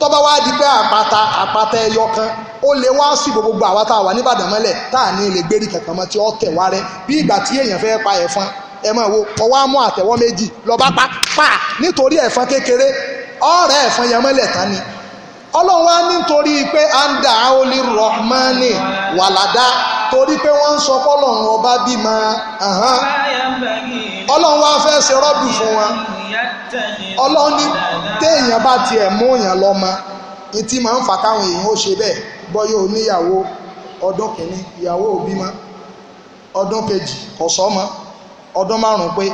tó bá wá di pé àpáta àpáta ẹyọ kan ó lè wá sí gbogbo àwa tá a wà níbàdàn mọ́lẹ̀ tá a ní ilé gbérí kankan mọ́ tí ó tẹ̀ wá rẹ bí ìgbà tí èèyàn fẹ́ pa ẹ̀fọn ẹ máa wo ọwọ́ á mú àtẹ̀wọ́ méjì lọ́ba pa pa nítorí ẹ̀fọn kékeré ọ̀rẹ́ ẹ̀fọn yẹn mọ́lẹ̀ tán ni ọlọ́run wá nítorí pé anda aoli rahmani wàládá torí pé wọ́n ń sọ pé ọba bímọ ọlọ́run wá fẹ́ ṣe rọ́bì fún wọn. ọlọ́run ní téèyàn bá tiẹ̀ mú èèyàn lọ́mọ ní tí máa ń fà káwọn èèyàn ó ṣe bẹ́ẹ̀ bọ́yọ̀ oníyàwó ọdún kìíní ìyàwó òbí mọ́ ọdún kejì ọ̀sọ́mọ́ ọdún márùn-ún pé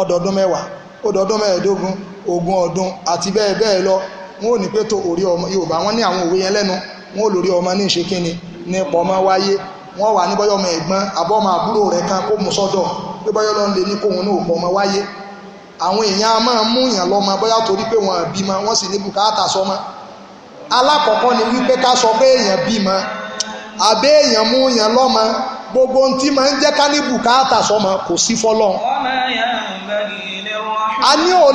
ọdọọdún mẹ́wàá ọdọọdún mẹ́ẹ̀ẹ́dógún ogún ọdún àti bẹ́ẹ̀ bẹ́ẹ̀ lọ wọn ò ní pé tó orí ọmọ yorùbá wọn ní àwọn òwe yẹn lẹ́nu wọn ò lórí ọmọ ní ìṣe kíni ní pọ̀mọ́ wáyé wọn wà ní bọ́yọ̀ ọmọ ẹ̀gbọ́n àbọ́mọ àbúrò rẹ̀ kan kó mú sọ́dọ̀ pé bọ́yọ̀ lọ́n lè ní kóhun náà pọ̀mọ́ wáyé àwọn èèyàn a máa mú yàn lọ́mọ bóyá torí pé wọ́n ma wọ́n sì alákọ̀ọ́kọ́ ni wípé ká sọ pé èèyàn bímọ àbẹ́ gbogbo ohun tí máa ń jẹ́ ká a ní ò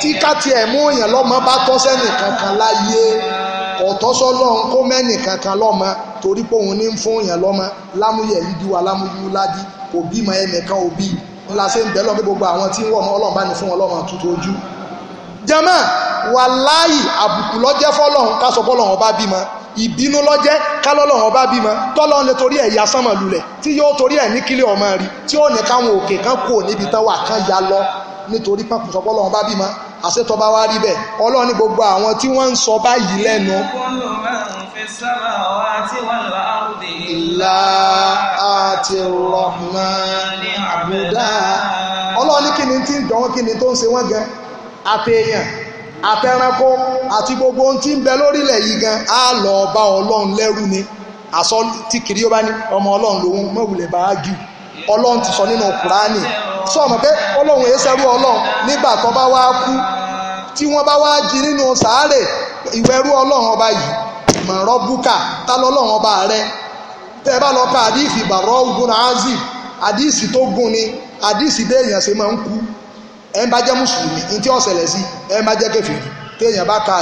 tí ká tiẹ̀ mú yàn lọ́mọ bá tọ́ sẹ́nì kankan láyé ọ̀tọ́sọ́ lọ́hún kó mẹ́nì kankan lọ́mọ torí pé òun ní ńlá ṣe ń bẹ́ lọ́gbẹ́ gbogbo àwọn tí wọ́n mọ́ ọlọ́run bá ní fún ọlọ́run tútù ojú jẹ́mọ́ wàláyì àbùkù lọ́jẹ́ fọ́lọ́run kásọ fọ́lọ́run ọba bímọ ìbínú lọ́jẹ́ kálọ́lọ́run ọba bímọ tọ́lọ́run lè torí ẹ̀yà sánmọ̀ tí yóò torí ẹ̀ ní kílẹ̀ ọmọ rí tí ó ní káwọn òkè kan kò níbi tán wà kan ya lọ nítorí pápùsọ fọ́lọ́run ọba bímọ àṣetọba wa rí bẹ́ẹ̀ ọlọ́run ní gbogbo àwọn tí wọ́n ń sọ báyìí lẹ́nu láti rọ̀mọ́ni àbúdá ọlọ́run ní kí ni tí ń dán kí ni tó ń ṣe wọ́n gan àtẹ̀yàn àtẹranko àti gbogbo ohun tí ń bẹ lórílẹ̀ yìí gan á lọ bá ọlọ́run lẹ́rú ni àsọ tí kiri ó bá ní ọmọ ọlọ́run lòun mọ̀wùlẹ̀ bá á jù ọlọ́run ti sọ nínú kùránì sọ̀mọ̀ pé ọlọ́run èé sẹ́rú ọlọ́run nígbà tó bá wá kú tí wọ́n bá wá jí nínú sàárè ìwẹ́rú ọlọ́run ọba yìí mọ̀rọ́ búkà tá lọ́lọ́run ọba rẹ̀ tẹ́ bá lọ ka àdìsí bàrọ̀ ogun azi àdìsí tó gùn ni àdìsí béèyàn ṣe máa ń kú ẹ̀ ń bá jẹ́ mùsùlùmí ní tí ó sẹlẹ̀ sí bá jẹ́ tí bá ka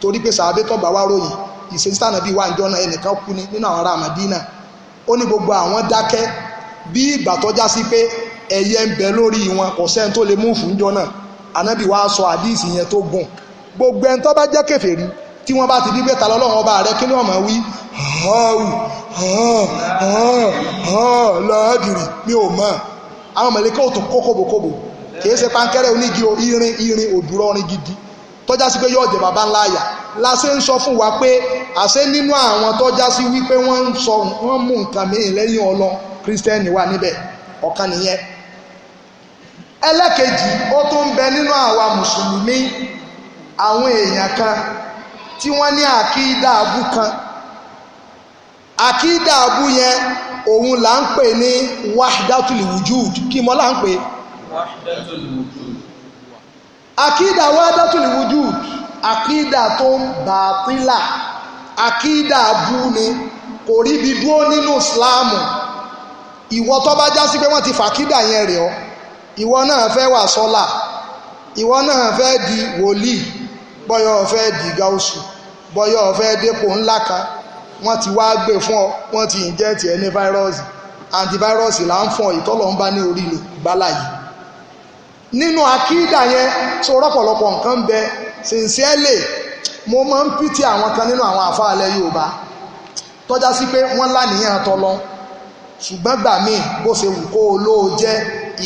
torí pé sàbẹ́ wá ròyìn wà ẹnìkan kú nínú àwọn ará ní gbogbo àwọn dákẹ́ bí ìgbà tó pé ẹyẹ ń bẹ lórí wọn kò tó lè mú fún náà ànábì wá sọ gbogbo ẹni tó bá jẹ́ tí wọ́n bá ti dígbé ta lọ́lọ́run ọba rẹ kí ni wí wí lọ́ọ̀dìrì mi ò àwọn mẹ̀lẹ́kẹ́ ò tó kó kóbòkóbò kìí se pánkẹ́rẹ́ onígi irin irin òdúrọ̀ orin gidi tọ́já pé yóò jẹ bàbá ńlá àyà ń sọ wa pé àṣẹ nínú àwọn tọ́já wípé wọ́n ń sọ mìíràn lẹ́yìn ọlọ kírísítẹ́nì wà níbẹ̀ ọ̀kan nìyẹn ẹlẹ́kejì tí wọ́n ní àkídà abú kan àkídà abú yẹn òun là ń pè ní wahdatul wujud kí mo là ń pè wahdatul wujud àkídà wahdatul wujud àkídà tó ń bàtílà àkídà abú ni kò rí ibi dúró nínú ìsìláàmù ìwọ tó bá já sí pé wọ́n ti fàkídà yẹn rẹ̀ ọ́ ìwọ náà fẹ́ wà sọ́là ìwọ náà fẹ́ di wòlíì bọ́yọ̀ ọ̀fẹ́ dìgá oṣù bọ́yọ̀ ọ̀fẹ́ dépò ńlá kan wọ́n ti wá gbé fún ọ wọ́n ti ǹjẹ́ tiẹ̀ ní fáírọ́ọ̀sì antivirọ́ọ̀sì là ń fọ ìtọ́lọ̀ ń bá ní orí lò gbálà yìí nínú akídà yẹn so rọ́pọ̀lọpọ̀ nǹkan bẹ sincerely mo máa ń pìtì àwọn kan nínú àwọn àfáàlẹ̀ Yorùbá tọ́já sí pé wọ́n lánìyàn tọlọ́n ṣùgbọ́n gbà míì bó ṣe wù kó o lóo jẹ́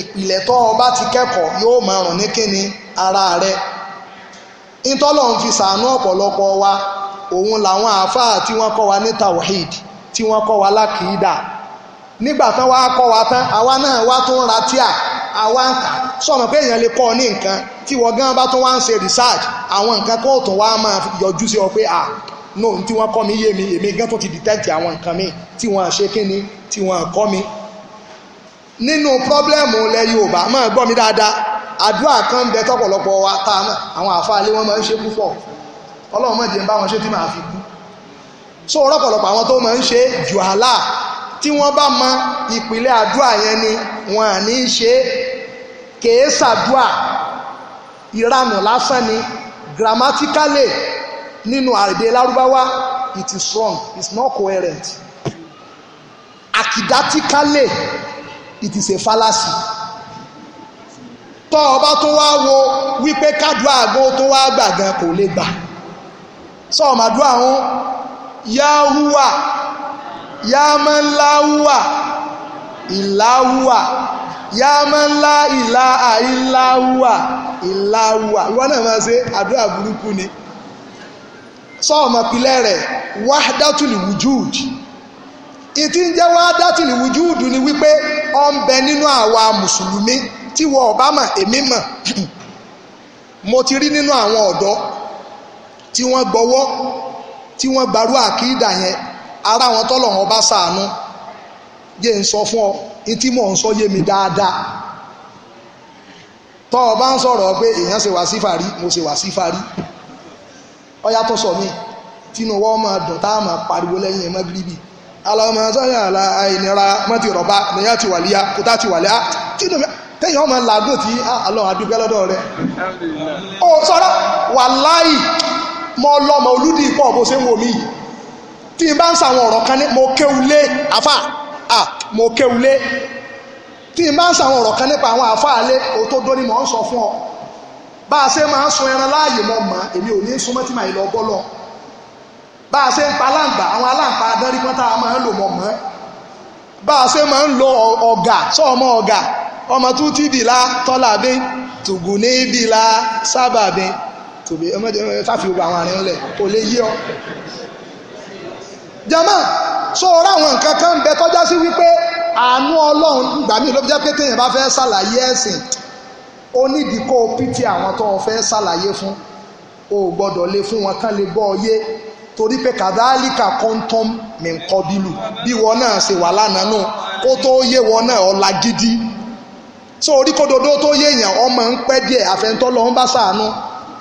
ìpìlẹ̀ tó o bá ti kẹ́kọ̀ọ́ yóò máa rùn ní kíni ara rẹ̀ ìtọ́lọ́run fi sàánú ọ̀pọ̀lọpọ̀ wa òun làwọn àáfàá tí wọ́n kọ́ wa ní tawhid tí wọ́n kọ́ wa lákìídà nígbà tán wá kọ́ wa tán àwa náà wá tún ra tíà àwa ń kà sọ̀nà pé èèyàn lè kọ́ ní nǹkan tí wọ́n gan bá tún wá ń ṣe research àwọn nǹkan kó tún máa yọjú sí ọ pé à no tí wọ́n kọ́ mi yé mi èmi gan tó ti detect àwọn nǹkan mi tí wọ́n ṣe kí ni tí wọ́n kọ́ mi nínú pọ́blẹ́mù ilẹ̀ Yorùbá máa gbọ́ mi dáadáa àdúrà kan ń bẹ tọ́pọ̀lọpọ̀ wa tá àwọn àfáàlé wọn máa ń ṣe púpọ̀ ọlọ́run mọ̀jẹ̀ ń bá wọn ṣe tí màá fi kú so rọ́pọ̀lọpọ̀ àwọn tó máa ń ṣe jùhálà tí wọ́n bá mọ ìpìlẹ̀ àdúrà yẹn ni wọn à ní ṣe kèé ìranù lásán ni grammatically nínú àrèdè lárúbáwá it is wrong it is not coherent akidatically it is a fallacy tọ́ ọba tó wá wo wípé kádùá àgbo tó wá gbà gan kò lè gbà sọ ọmọdúà ń yáhùwà yámọ́láhùwà ìláhùwà yámọ́lá ìlà àìláhùwà ìláhùwà ìwọ náà máa ṣe àdúrà burúkú ni sọ ọmọpìlẹ̀ rẹ̀ wáhádátùlì wùjúùdì ìtí ń jẹ́ wáhádátùlì wùjúùdì ni wípé ó ń bẹ nínú àwa mùsùlùmí tí wọ́n ọ̀bá mọ̀ èmi mọ̀ mo ti rí nínú àwọn ọ̀dọ́ tí wọ́n gbọ́wọ́ tí wọ́n gbarú àkídà yẹn ara wọn tọ́lọ̀ wọn bá sàánú jẹ́ ń sọ fún ọ etí mọ̀ ń sọ yé mi dáadáa tọ́ ọ bá ń sọ̀rọ̀ pé èèyàn ṣe wà sí fàrí mo ṣe wà sí fàrí ọyá tó sọ mí tínú wọn máa dùn tá a máa pariwo lẹ́yìn ẹ̀ mọ́gíríbì alọ́mọ sọ́yà àlà àìnira mọ́tì nìyà ti wà líyà kúta ti wà líyà tínú mi téèyàn ọmọ làágùn tí ah, Ọlọ́run adúpẹ́ lọ́dọ̀ rẹ̀ ó sọ̀rọ̀ wàláì mọ ọlọ́mọ olúdi pọ̀ bó ṣe ń wò mí tí n bá ń sàwọn ọ̀rọ̀ kan ní mo kéwulé àfà à mo kéwulé tí n bá ń sàwọn ọ̀rọ̀ kan nípa àwọn àfà alẹ́ òtó dóní mọ̀ ń sọ fún ọ bá a ṣe máa ń sun ẹran láàyè mọ̀ mọ́ èmi ò ní súnmọ́ tí màá lọ bọ́ lọ bá a ṣe ń pa aláǹgbà àwọn aláǹpa adánrí pọ́n tá a máa ń lò mọ̀ mọ́ bá a ṣe máa ń lo ọ̀gà sọ́ọ̀mọ́ ọ̀gà ọmọ tún tí bìlá tọ́làbí tùgùn ní bìlá sábàbí tòbí ọmọdé sáfi gbogbo àwọn àrìn ọlẹ̀ kò lè yí ọ. jama so ọ̀rọ̀ àwọn nǹkan kan ń bẹ tọ́já sí wípé àánú ọlọ́run gbà mí ló jẹ́ pé téèyàn bá fẹ́ ṣàlàyé ẹ̀sìn ó nídìí kó o pìtì àwọn tó o fẹ́ ṣàlàyé fún o ò gbọ́dọ̀ lé fún wọn kán lè gbọ́ ọ yé torí pé kàdálíkà kọ́ńtọ́m mi ń kọ́ bílù bí wọn náà ṣe wà lánàá nù kó tó yé wọn náà ọ̀la gidi so orí kódodo tó yéèyàn ọmọ ń pẹ́ díẹ̀ àfẹ́ntọ́ lọ ń bá sàánú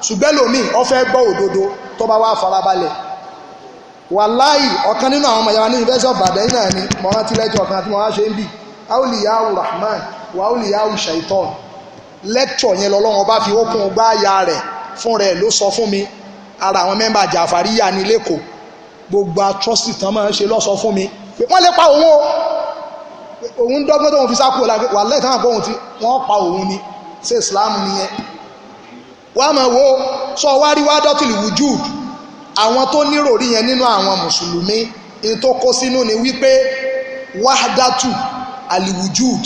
ṣùgbẹ́ lómi fẹ́ gbọ́ òdodo tó bá farabalẹ̀ wàláì ọ̀kan nínú àwọn ọmọ ní university of Badẹ́yìn náà ni mo rántí tí mo ń bì auliyahu rahman wa auliyahu shaitan lẹ́kítọ̀ yẹn lọ́lọ́wọ́n ọba fi òun dọ́gbọ́n tó fi sákò lágbé wà lẹ́ẹ̀tàn àbọ̀hún tí wọ́n pa òun ni ṣe ìsìláàmù nìyẹn wàá mọ̀ wo sọ wá rí wá dọ́tìlì wujud àwọn tó nírò rí yẹn nínú àwọn mùsùlùmí in tó kó sínú ni wípé wàhádàtù àlìwujud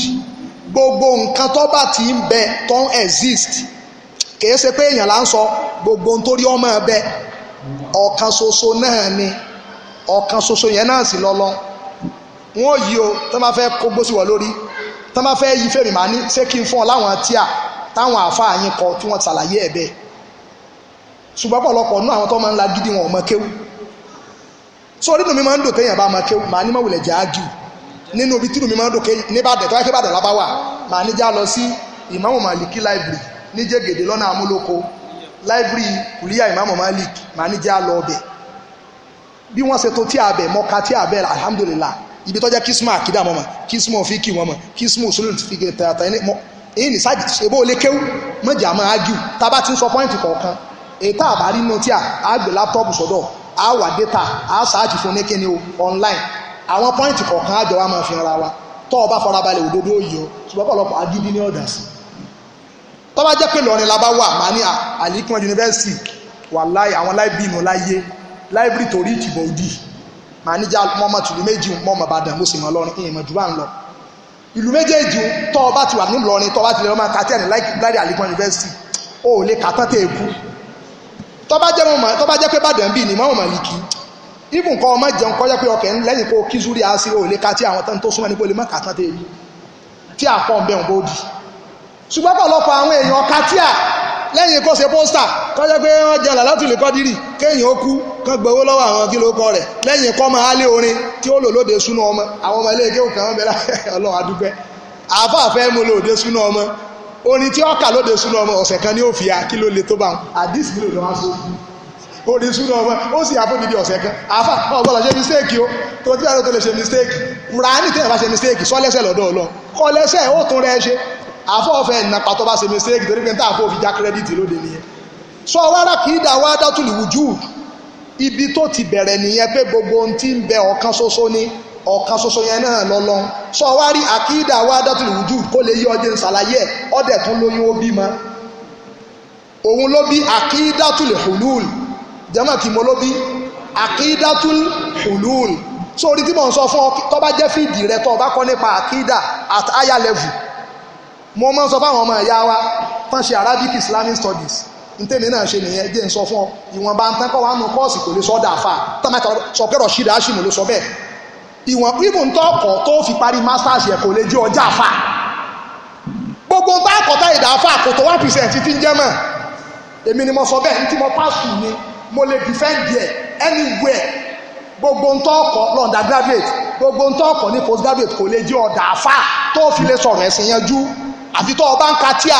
gbogbo nǹkan tó bá ti ń bẹ tó gbogbo ọmọ ẹ bẹ ọ̀kan ṣoṣo wọn ò yí o tó máa fẹ́ kó gbósì wọ̀ lórí tó máa fẹ́ yí fèrè màá ní ṣé kí n fún ọ láwọn tíà táwọn àáfàá yín kọ tí wọ́n ṣàlàyé ẹ̀ bẹ́ẹ̀ ṣùgbọ́n pọ̀lọpọ̀ nú àwọn tó máa ń la gidi wọn ò mọ kéwù so nínú mi máa ń dùn kéèyàn bá mọ kéwù màá ní mọ̀ wùlẹ̀ jẹ́ ágìw nínú ibi tí mi máa ń dùn kéèyàn níbàdàn tó wáyé kébàdàn lábá wà màá ní já lọ sí ìmáàmù màlìkí library ní jẹ́gẹ̀dẹ̀ lọ́nà amúlòkó library kùlíyà ìmáàmù màlìkí màá ní já lọ ọbẹ̀ bí wọ́n ṣe tó tí àbẹ̀ mọ́ka tí àbẹ̀ alhamdulillah ibi tọ́jẹ́ kismu àkídà mọ́mọ́ kismu ọ̀fíìkì mọ́mọ́ kismu òṣèlú ti fi gẹ̀ tààtà ẹni mọ́ èyí ní sáàjì ṣe bó lè kéwú mọ́jà máa ágìw tábà ti ń sọ pọ́ìntì kọ̀ọ̀kan ètò àbárí náà tí a àgbè láptọ́ọ̀bù sọ́dọ̀ a wà data a sáàjì fún ní kíni o online àwọn pọ́ìntì kọ̀ọ̀kan àjọ wa máa fi ara wa tọ́ ọ bá farabalẹ̀ òdodo yìí o ṣùgbọ́n pọ̀lọpọ̀ agídí ní ọ̀dà sí tọ́ bá jẹ́ pé lọ́rin la bá wà máa ní Alikun University wà láì àwọn láìbì inú láyé láìbìrì torí ìtìbọ̀ òdì màá níjà mọ́mọ́ tìlú méjì mọ́mọ́ Ìbàdàn mo sì mọ́ lọ́rin ìyẹn jù bá ń lọ ìlú méjèèjì tọ́ ọ bá ti wà nílọrin tọ́ ọ bá ti lè ọmọ katẹ́ẹ̀nì láìkí gbárí àlígbọ́n yunifásitì ó lè kàtán tẹ̀ kú tọ́ bá jẹ́ mọ́mọ́ tọ́ bá jẹ́ pé Ìbàdàn bíi ni mọ́mọ́ Málíkì ibùn kọ́ ọmọ jẹun kọjá pé ọkẹ́ lẹ́yìn kó kízúrí àásí ò lè ká tí àwọn tán tó súnmọ́ nípo lè mọ́ kàtán tẹ̀ yìí tí àpọ̀ ń bẹ̀rùn lẹ́yìn kó ṣe pósítà kọjá pé wọ́n jẹ làlátùlẹ̀ kọ́dírì kéèyàn ó kú kán gbowó lọ́wọ́ àwọn kí ló kọ rẹ̀ lẹ́yìn kọ́ máa lé orin tí ó lò lóde súná ọmọ àwọn ọmọ iléeké òkè wọn bẹ̀rẹ̀ ọlọ́run adúgbẹ́ àáfà fẹ́ mú lòde súná ọmọ orin tí ó kà lóde súná ọmọ ọ̀sẹ̀ kan ní òfìyà kí ló le tó bá wọn àdìsí ló lọ́wọ́ sókú orin súnà ọmọ ó sì àfóbìdí ọ̀sẹ̀ kan àfà ọgbọ́lọ̀ ṣe mistake o tó tí àrò tó lè ṣe mistake rà ní tẹ́yà bá ṣe mistake sọ́lẹ́sẹ̀ lọ́dọ̀ ọlọ́ kọ́lẹ́sẹ̀ ó tún rẹ ṣe àfọ́ọ̀fẹ́ ìnapa tó bá ṣe mistake torí pé táàfọ́ fi já kírẹ́dìtì lóde nìyẹn sọ wára kì í dà wá dátúlù wùjú ibi tó ti bẹ̀rẹ̀ nìyẹn pé gbogbo ohun tí ń bẹ ọ̀kan ṣoṣo ní ọ̀kan ṣoṣo yẹn náà lọ́lọ́ sọ wá rí àkídà wá dátúlù wùjú kó lè yí ọdẹ ṣàlàyé ẹ̀ ọdẹ tún lóyún ó bímọ òun ló bí àkídàtúlù hulul jẹ́mọ̀ kí mo ló bí àkídàtúlù hulul sórí tí mò ń sọ fún ọ tó bá jẹ́ fídì rẹ tó bá kọ́ nípa àkídà at higher level mo máa ń sọ fáwọn ọmọ ìyá wa tán ṣe Arabic Islamic Studies ntẹ́mi náà ṣe nìyẹn jẹ́ ń sọ fún ọ ìwọ̀nba ń tán kọ́ wa nù kọ́ọ̀sì kò lè sọ dà fà tán máa sọ pé Rashid Hashim ló sọ bẹ́ẹ̀ ìwọ̀n ibùn tó ọkọ̀ tó fi parí masters yẹ kò lè jẹ́ ọjà fà gbogbo ń tá àkọ́tà ìdá fà kò tó one percent ti ń jẹ́ mọ̀ èmi ni mo sọ bẹ́ẹ̀ ntí mo pass through ni mo lè defend yẹ anywhere gbogbo ntọ́ ọkọ̀ lọ undergraduate gbogbo ntọ́ ọkọ̀ ní postgraduate kò lè jẹ́ ọ̀dà àfà tó fi lè sọ̀rọ̀ ẹ̀sìn yanjú àfi tó ọba ń ka tíà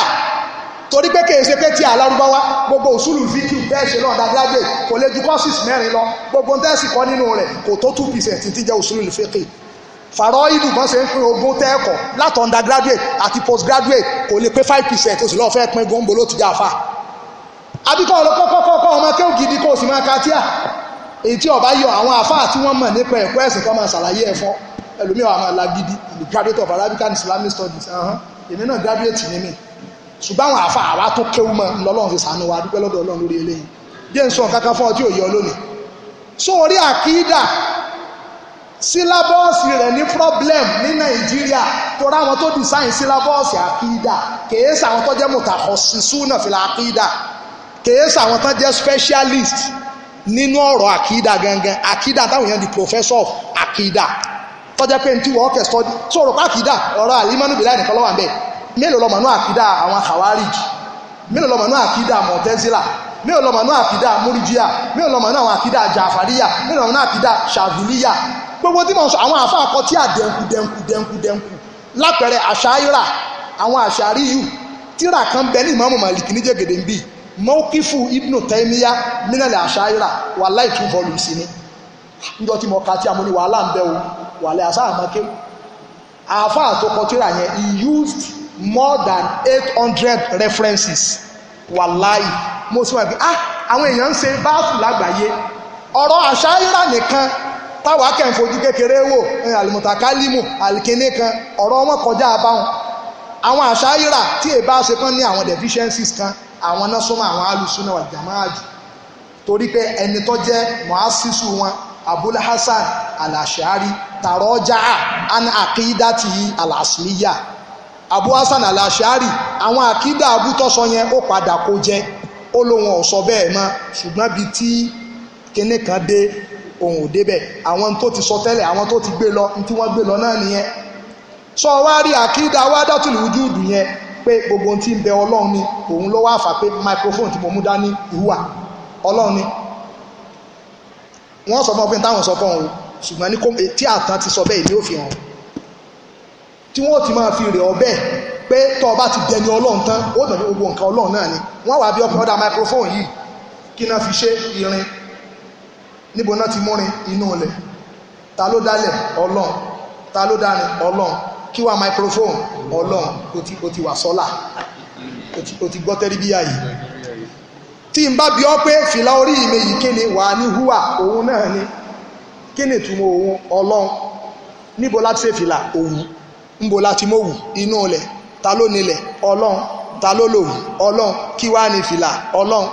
torí pé kèése pé tíà lárúbáwá gbogbo òṣùlù fíkì bẹ́ẹ̀ ṣe lọ́ọ̀dà graduate kò lè ju courses mẹ́rin lọ gbogbo tẹ́sì kọ́ nínú rẹ̀ kò tó two percent ti jẹ́ òṣùlù fíkì fàrọ ìlú kan ṣe ń pín ogún tẹ́ẹ̀kọ́ láti undergraduate àti postgraduate kò lè pé five percent oṣù lọ́ọ́ fẹ́ pín gbòǹgbò ló ti já fa àbíkọ́ ọlọ́kọ́kọ́kọ́ ọmọ kéwù gidi kó o sì máa ka tíà èyí tí ọba yọ àwọn àfáà tí wọ́n mọ̀ nípa ẹ̀kọ́ ẹ̀sìn kan máa ṣàlàyé ẹ̀fọ́ ẹlòmíràn àwọn alágídí the graduate of Arabic and Islamic studies. Uh -huh èmi náà graduate ni mí ṣùgbọ́n àwọn àfa tó kéwú mọ́ lọ́lọ́run fi sànú wa dúpẹ́ lọ́dọ̀ ọlọ́run lórí eléyìí díẹ̀ ń sọ kankan fún ọ tí ò yọ lónìí so orí àkídà sílábọ́ọ̀sì rẹ̀ ní problem ní nàìjíríà tó ráwọn tó design sílábọ́ọ̀sì àkídà kèé sàwọn tó jẹ́ mùtàkọ̀sísúnà fìlà àkídà kèé sàwọn tó jẹ́ specialist nínú ọ̀rọ̀ àkídà gangan àkídà táwọn èèyàn di professor of àkídà tọ́jẹ́ pé tí wọ́n kẹ̀ sọ́dí sọ̀rọ̀ pé àkìdá ọ̀rọ̀ àlímọ́nù bìláì nìkan lọ́wọ́ àbẹ́ mélòó lọ́mọ̀nú àkìdá àwọn kàwárìjì mélòó lọ́mọ̀nú àkìdá mọ̀tẹ́sílà mélòó lọ́mọ̀nú àkìdá múríjíà mélòó lọ́mọ̀nú àwọn àkìdá jàfàríyà mélòó lọ́mọ̀nú àkìdá ṣàfìlíyà gbogbo tí mo sọ àwọn àfa akọ tí àdẹ̀nkù dẹ̀nkù dẹ̀nkù dẹ̀nkù lápẹ̀rẹ̀ àṣàyíra àwọn àṣàríyù tíra kan bẹ ní ìmọ̀ọ́mù màlìkì ní jẹ́gẹ̀dẹ̀ ń bì mọ́kífù ibnu tẹ́míyá mínàlẹ̀ àṣàyíra wà láì volumes ni níjọ́ tí mo ka tí a mo ní wàhálà ń bẹ wàlẹ́ àsáàmọ́ké àáfà àtọkọtìrà yẹn he used more than eight hundred references wàláì mo sì wà pé ah àwọn èèyàn ń ṣe báàfù lágbàáyé ọ̀rọ̀ àṣàyíra nìkan táwa kẹ́hìn fojú kékeré wò eh, alimutakalimu alikini kan ọ̀rọ̀ wọn kọjá abáwọn àwọn àṣàyíra tí èèbá ṣe kán ní àwọn deficiencies kan àwọn náà súnmọ́ àwọn alùsùn náà wà jàmáà jù torí pé ẹni tó jẹ́ mọ̀ásísù wọn abul hasan alashari tarọ́jáà an àkídàtì alasiliya abu hasan alashari àwọn àkídà abútọ́sọ yẹn ó padà kó jẹ ó lóun ọ̀sọ́ bẹ́ẹ̀ mọ́ ṣùgbọ́n bíi tí kinní kan dé òun ò débẹ̀ àwọn tó ti sọ tẹ́lẹ̀ àwọn tó ti gbé lọ ní tí wọ́n gbé lọ náà nìyẹn sọ wá rí àkídà wá dátùlù wújúùdù yẹn pé gbogbo ohun tí ń bẹ ọlọ́run ni òun ló wá fà pé microphone tí mo mú dání ìhùwà ọlọ́run ni wọ́n sọ fún ọ pé táwọn sọ fún ọ ṣùgbọ́n tí àtàn ti sọ bẹ́ẹ̀ ni ó fi hàn tí wọ́n ti máa fi rè ọ bẹ́ẹ̀ pé tọ́ ọ bá ti dẹni ọlọ́run tán ó dàbí gbogbo nǹkan ọlọ́run náà ni wọ́n wà bí ọkùnrin ọ̀dà microphone yìí kí náà fi ṣe irin níbo náà ti múrin inú ilẹ̀ ta ló dálẹ̀ ọlọ́run ta ló dárin ọlọ́run kí wá microphone ọlọ́run ó ti wà sọ́là ó ti gbọ́ tẹ́rí bíyà yìí tí n bá bi ọ́ pé fìlà orí mi yìí kí ni wà ní húwà òun náà ni kí ni ìtumọ̀ òun ọlọ́run níbo láti ṣe fìlà òwú níbo láti mọ̀wù inú ilẹ̀ ta ló nílẹ̀ ọlọ́run ta ló lòwù ọlọ́run kí wá ní fìlà ọlọ́run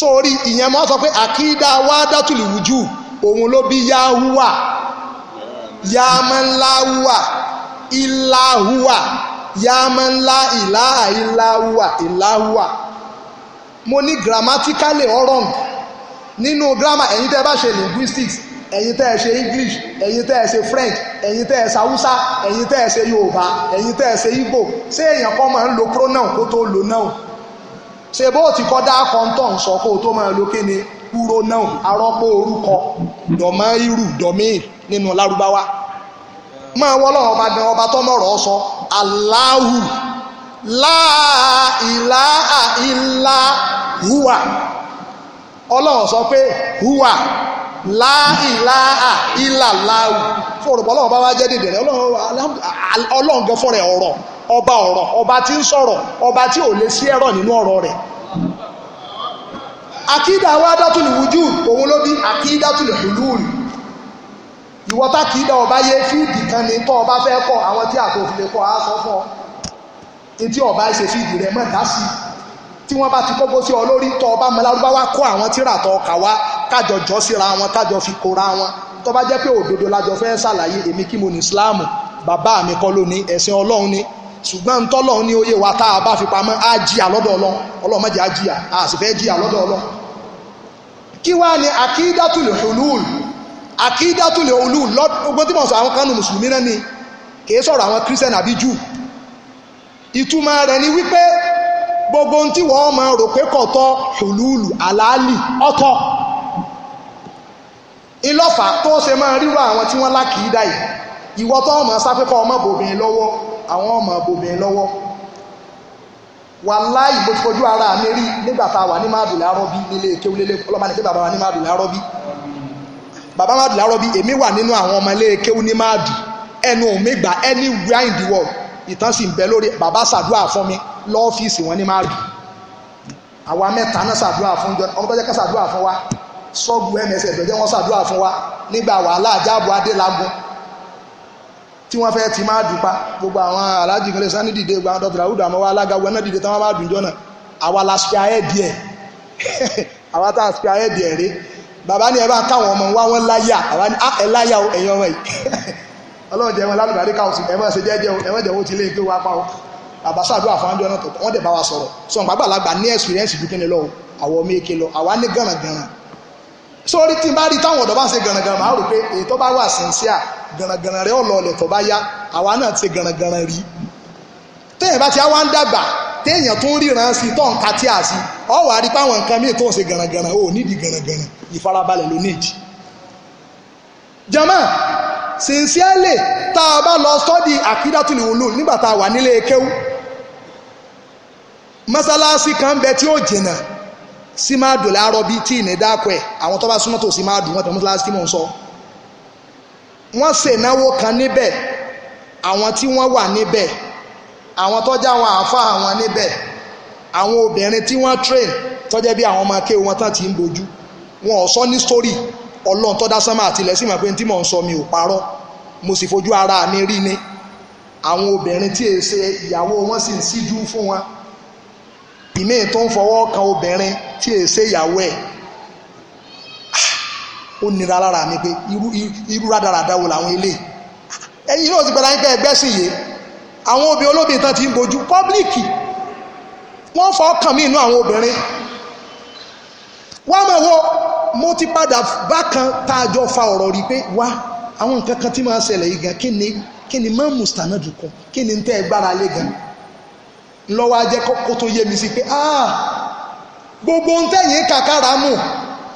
sórí ìyẹn mọ́ sọ pé àkídá wá dátùlì wùjú òun ló bí yáhúwà yámánláhúwà ìláhúwà yámánlá ìláhà ìláhúwà ìláhúwà mo ní grammatically wrong nínú grammar ẹ̀yin tẹ́ bá ṣe linguistics ẹ̀yin tẹ́ ẹ ṣe english ẹ̀yin tẹ́ ẹ ṣe french ẹ̀yin tẹ́ ẹ ṣe hausa ẹ̀yin tẹ́ ẹ ṣe yorùbá ẹ̀yin tẹ́ ẹ ṣe igbo ṣé èèyàn kan máa ń lo pronoun kó tó lo noun ṣe bó ti kọ́ dá kọ́ńtọ̀n sọ kó tó máa lo kíni pronoun arọ́pò orúkọ dọ̀mọ́ irú dọ̀míì nínú lárúbáwá máa wọ́ lọ́wọ́ ọba gan ọba tọ́mọ̀rọ̀ sọ aláhù láàìláà ìlà húwà ọlọ́run sọ pé húwà láìláà ìlà láàwù fọ̀rọ̀pọ̀ ọlọ́run bá wá jẹ́ dèdè rẹ̀ ọlọ́run gan fọ́rẹ̀ ọ̀rọ̀ ọba ọ̀rọ̀ ọba tí ń sọ̀rọ̀ ọba tí ò lè sí ẹ̀rọ nínú ọ̀rọ̀ rẹ̀ akídà wa dátùlù wújú òun ló bí akídà tùlù hùlùlù ìwọ́tà kídà ọba yẹ fíìdì kan ní tọ́ ọba fẹ́ kọ́ àwọn tí àtòfin lè kọ́ á sọ fún ọ etí ọba ṣe sí ìdí rẹ mọ́ dá sí tí wọ́n bá ti kókó sí ọ lórí tọ́ ọba mọ́lárúbáwá kó àwọn tíra tọ́ ọkà wá kájọ jọ síra wọn kájọ fi kóra wọn tó bá jẹ́ pé òdodo lájọ fẹ́ ṣàlàyé èmi kí mo ní ìsìláàmù bàbá mi kọ́ ló ní ẹ̀sìn ọlọ́run ni ṣùgbọ́n ń tọ́lọ́run ní oyè wa tá a bá fi pamọ́ á jìyà lọ́dọ̀ ọlọ́run ọlọ́run má jẹ́ á jìyà á sì fẹ́ jìyà lọ́dọ̀ ọlọ́run kí wá ní àkídátùlẹ̀ olúùlù àkídátùlẹ̀ olúùlù lọ́gbọ́n tí mo sọ àwọn kánú mùsùlùmí náà ni kì í sọ̀rọ̀ àwọn kírísítẹ̀nì àbí júù ìtumọ̀ rẹ̀ ni wípé gbogbo ohun tí wọ́n máa rò pé kọ̀tọ́ hululu àlàálì ọ̀tọ̀ ìlọ́fà tó ṣe máa ríro àwọn tí wọ́n lákìídá yìí ìwọ tó ọmọ sáfẹ́kọ́ ọmọ bòbìnrin lọ́wọ́ àwọn ọmọ bòbìnrin lọ́wọ́ wàláhì bó ti fojú ara mi rí nígbà tá a wà ní máàdùlẹ̀ arọ́bí nílé kéwúlélé ọlọ́mọ ní pé bàbá wa ní máàdùlẹ̀ arọ́bí bàbá máàdùlẹ̀ arọ́bí èmi wà nínú àwọn ọmọ ilé kéwú ní máàdù ẹnu òmígbà anywhere in the world ìtàn sì ń bẹ lórí bàbá ṣàdúrà fún mi lọ́ọ́fíìsì wọn ní márùn àwa mẹ́ta náà ṣàdúrà fún jọ ọmọ tó jẹ́ ká ṣàdúrà fún wa sọ́ọ̀bù mss ló jẹ́ wọ́n ṣàdúrà fún wa nígbà wàhálà àjáàbò adélagun tí wọ́n fẹ́ ti máa dùpa gbogbo àwọn aláàjì kan lè sá ní dìde gbogbo àwọn dọ́tà àwùdà àmọ́ wa alága wọn náà dìde táwọn máa dùn jọ́nà àwa la ṣe ayé díẹ̀ àwa tá a ṣe ayé díẹ̀ rí bàbá ni ẹ bá káwọn ọmọ wa wọn láyà àwa ni ah, ẹ láyà ẹ̀yin ọmọ ọlọ́run jẹ́ wọn lálùbárí káwùsì ẹ̀wọ́n ṣe jẹ́jẹ́ jẹ́ owó ti lé ike wá pa o àbáṣàdúrà náà tó wọ́n dẹ̀ bá wa sọ̀rọ̀ sọ wọn gbàgbàlagbà ní experience ju lọ àwọ̀ mi lọ àwa ní gànàgànà sórí tí bá rí táwọn ọ̀dọ́ bá ṣe gànàgànà máa rò pé èyí tó bá wà sincere gànàgànà rẹ ọ̀lọ́ ọ̀lẹ̀ tó bá yá àwa náà ti gànàgànà rí téèyàn bá ti wá ń dàgbà téèyàn tó ń ríran sí tó ń ka tí a sí ọ wà rí páwọn nǹkan míì tó ń ṣe gànàgànà ò nídìí gànàgànà ìfarabalẹ̀ ló nídìí jama sincerely tá a bá lọ sọ́dí àkídàtúlì wòlò nígbà tá a wà nílé kéwú mọ́sálásí kan bẹ tí ó jìnà sí máa dòlè arọbí tí ìní dákọ ẹ̀ àwọn tó bá súnmọ́ tó sì máa dùn wọ́n tẹ̀ mọ́sálásí tí mò ń sọ wọ́n ṣe náwó kan níbẹ̀ àwọn tí wọ́n wà níbẹ̀ àwọn tọ́jà àwọn àáfà àwọn níbẹ̀ àwọn obìnrin tí wọ́n train tọ́jẹ́ bí àwọn ọmọ akéwọn tán ti ń bojú wọn ò sọ ní story ọlọ́run tó dá sánmà àtìlẹ̀ sí mà pé tí mò ń sọ mi ò parọ́ mo sì fojú ara mi rí ni àwọn obìnrin tí èsè ìyàwó wọn sì ń síjú fún wọn ìmí tó ń fọwọ́ kan obìnrin tí èsè ìyàwó ẹ̀ ó nira lára mi pé irú rádaràdà wo làwọn eléyìí ẹ̀yin náà ti gbọ́dọ̀ nípa ẹgbẹ́ sí yìí àwọn obìnrin olóbìn tán ti ń bojú pọ́blíkì wọ́n fọ́ kàn mí inú àwọn obìnrin wọ́n mọ̀ wo mo ti padà bákan tá fa ọ̀rọ̀ rí pé wá àwọn nǹkan kan tí máa ṣẹlẹ̀ yìí gan kí ni kí ni má mùsùlùmí kan kí ni tẹ́ ẹ gbára lé mi sí pé ah gbogbo ń tẹ̀yìn kàkàrà mù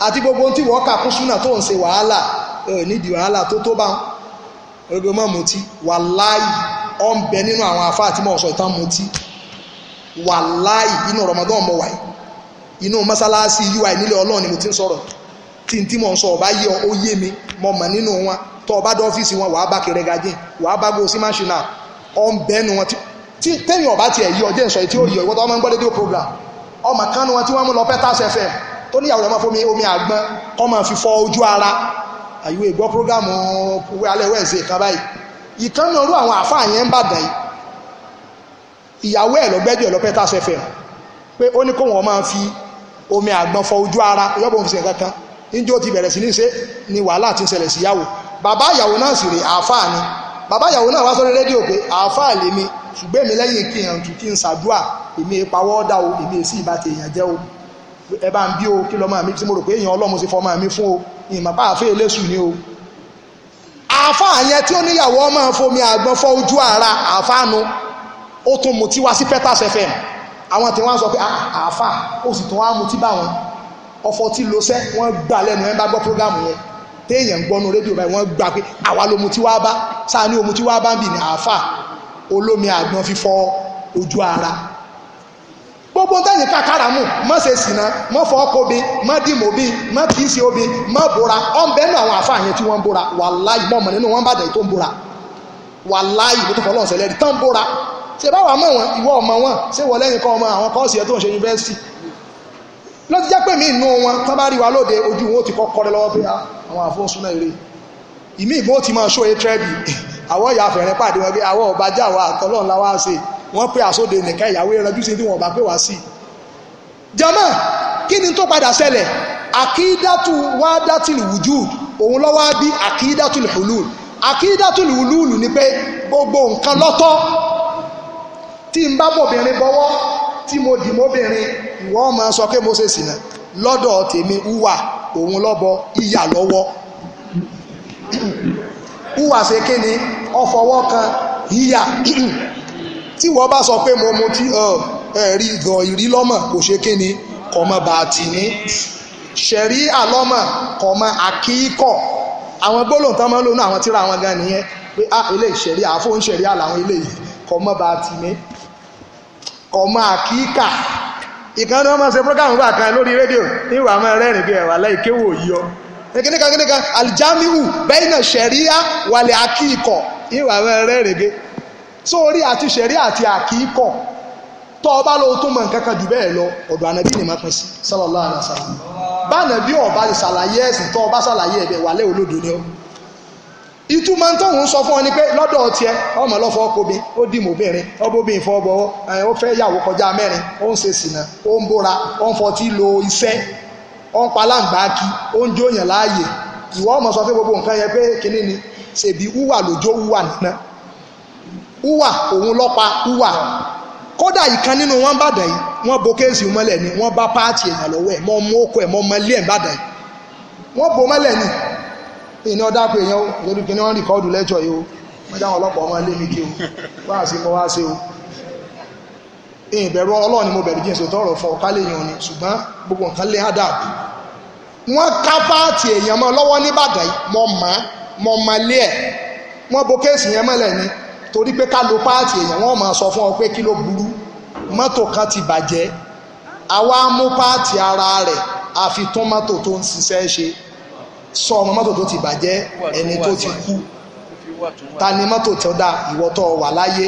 àti gbogbo ń tí wọ́n kà kún súnà tó ń ṣe wàhálà nídìí wàhálà tó tó bá ọgbẹ́ mọ́ ọ̀ ń bẹ nínú àwọn afá àti ìtàn inú mo ti ń tí n tí mò ń sọ ọba yé ọ yé mi mo mọ̀ nínú wọn tó ọba dé ọ́fíìsì wọn wàá bá kẹrẹ gajin wàá bá gosi machina ọ̀ ń bẹ́nu wọn tí tẹ́yìn ọba tiẹ̀ yí ọjọ́ ìsọ̀yí tí ó yí ọ ìwọ́n tó ọmọ ń gbọ́ dédé program ọmọ kan nu wọn tí wọ́n mú lọ Peters FM tó níyàwó rẹ̀ máa fomi omi àgbọn kọ́ máa fi fọ ojú ara àyíwò ìgbọ́ program wẹ́ alẹ́ wẹ́ẹ̀sì kan báyìí ìkan náà rú àwọn àfáà yẹn ń bàdàn yìí ìyàwó ẹ̀ lọ́gbẹ́jọ́ lọ Peters FM pé ó ní kó wọn máa fi omi àgbọn fọ ojú ara yọ́bọ̀ òun fi ṣe nǹkan níjọ́ ti bẹ̀rẹ̀ sí ní ṣe ni wàhálà ti ń ṣẹlẹ̀ síyàwó bàbá ìyàwó náà sì rè àáfàá ni bàbá ìyàwó náà wá sọ́rọ́ rédíò pé àáfàá lèmi ṣùgbọ́n èmi lẹ́yìn kí n tù kí n ṣàdúà èmi ìpawọ́ dà o èmi èsì ìbá ti èèyàn jẹ́ o ẹ bá ń bí o kí lọ́mọ mi tí mo rò pé èèyàn ọlọ́mọ sí fọmọ mi fún o ìmọ̀ bá àfẹ́ eléṣù ni o. àáfàá yẹn tí ó níyàwó ọmọ fomi àgbọn fọ ojú ara àáfàá nu ó tún mutí wá sí Peters àwọn tí wọ́n sọ pé ah, àáfàá ó sì tún wá mutí bá wọn ọ̀fọ̀ tí lo sẹ́ wọ́n gbà lẹ́nu ẹ̀ ń bá gbọ́ prógámù yẹn téèyàn ń gbọ́nu rédíò báyìí wọ́n gbà pé àwa lomu tí wàá bá sáà ní omu tí wàá bá ń bì ní àáfà olómi àgbọn fífọ ojú ara gbogbo tẹ́yìn kàkàrà mù mọ́ ṣe sìnà mọ́ fọ́ ọkọ̀ obi mọ́ dìmọ̀ obi mọ́ kìí ṣe obi mọ́ bora ọ̀nbẹ́ nù àwọn àfa yẹn tí wọ́n ń bora wàláì mọ̀mọ́ nínú wọn bàdàn tó ń bora wàláì ló tó fọ́ lọ́sẹ̀ lẹ́rìí tán bora ṣe báwa mọ̀ wọn ìwọ ọmọ wọn ṣé wọ lẹ́yìn kọ́ ọmọ àwọn kọ́ọ̀sì ẹ̀ tó ń ṣe yunifásitì ló ti jẹ́ pé mí inú wọn tán bá rí wa lóde ojú wọn ó ti kọ́kọ́ rẹ lọ́wọ́ pé ah, àwọn àfọ́súnà eré ìmí ìgbọ́n ó ti máa ṣó etrẹ́bì àwọn ìyá àfẹ̀rẹ́ pàdé wọn pé àwọn ọba já wa àtọ́lọ́run láwá ṣe wọ́n pé àsóde nìkan ìyàwó ìrànjú sí tí wọ́n bá pè wá sí. jama kí ni tó padà ṣẹlẹ̀ àkídàtù wádàtìlì wùjúd òun lọ́wọ́ bí àkídàtìlì hulul àkídàtìlì hulul ni pé gbogbo nǹkan lọ́tọ̀ tí n bá tí mo dì mọ́bìnrin ìwọ ọmọ sọ pé mo ṣe sìnà lọ́dọ̀ tèmi wúwà òun lọ́bọ ìyà lọ́wọ́ wúwà ṣe kí ni ọfọwọ́ kan ìyà tí wọ́n bá sọ pé mo mu tí ẹ̀rí gan ìrí lọ́mọ̀ kò ṣe kí ni kọ̀mọ̀ bàtì ní ṣẹ̀rí àlọ́mọ̀ kọ̀mọ̀ àkíkọ̀ àwọn gbólóhùn tán máa ń lò ní àwọn tíra ah, àwọn ah ilé ìṣẹ̀rí àfóúnṣẹ̀rí àlàwọn ilé yìí kọ̀mọ̀ bàtì ní ọmọ àkíkà ìkan ní wọ́n máa ṣe program gbà kan lórí rédíò níwà máa rẹ́rìn bí ẹ̀wà láì kéwò yíọ kíníkan kíníkan aljamiu bẹ́ẹ̀nà ṣẹ̀ríà wàlẹ̀ àkíkọ̀ níwà máa rẹ́rìn bí sórí àti ṣẹ̀ríà àti àkíkọ̀ tó ọba ló tún mọ nǹkan kan jù bẹ́ẹ̀ lọ ọ̀dọ̀ ànàbí ni máa pín sí sallallahu alaihi wasallam bá ànàbí ọba ṣàlàyé ẹ̀sìn tó ọba ṣàlàyé ẹ̀bẹ̀ wàlẹ̀ olódo ni ó itu tóun sọ fún ọ ni pé lọ́dọ̀ ọtí ọmọ lọ́fọ́ ọkùnrin ó obìnrin ó fẹ́ yàwó kọjá mẹ́rin ó ń ṣe sìnà ó ń bóra ó ń fọtí lo iṣẹ́ ó ń palàǹgbáàkì ó ń jóyàn láàyè ìwọ ọmọ sọ fún gbogbo nǹkan yẹn pé kínní ni ṣèbí wúwà lójó wúwà nìkan wúwà òun lọ́pa wúwà kódà ìkan nínú wọn bàdàn yìí wọn bo kéèsì mọ́lẹ̀ ni wọ́n bá páàtì èèyàn lọ́wọ́ ẹ̀ mọ́ mú ó ẹ̀ mọ́ mọ́lẹ̀ ẹ̀ èyí ni ọ̀dà pé èèyàn lórí kí ni wọ́n rìkọ́ọ̀dù lẹ́jọ́ yìí o wọ́n dáhùn ọlọ́pàá ọmọ ilé mi kí o wá sí mo wá sí o èyí bẹ̀rù Ọlọ́run ni mo bẹ̀rù jíǹsì tó ọ̀rọ̀ fọ ọ̀ká lè yàn ni ṣùgbọ́n gbogbo nǹkan lé ádà wọ́n ká páàtì èèyàn mọ́ lọ́wọ́ nìbàdàn mọ́ mọ́ mọ́ mọ́ lé ẹ̀ wọ́n bo kéèsì yẹn mọ́lẹ̀ ni torí pé ká lo páàtì èèyàn wọ́n máa sọ fún ọ pé kí ló burú mọ́tò kan ti bàjẹ́ àwa mú páàtì ara rẹ̀ àfi tún mọ́tò tó ń ṣiṣẹ́ ṣe sọ ọmọ mọ́tò tó ti bàjẹ́ ẹni tó ti kú ta ni mọ́tò tó dá ìwọ tó wà láyé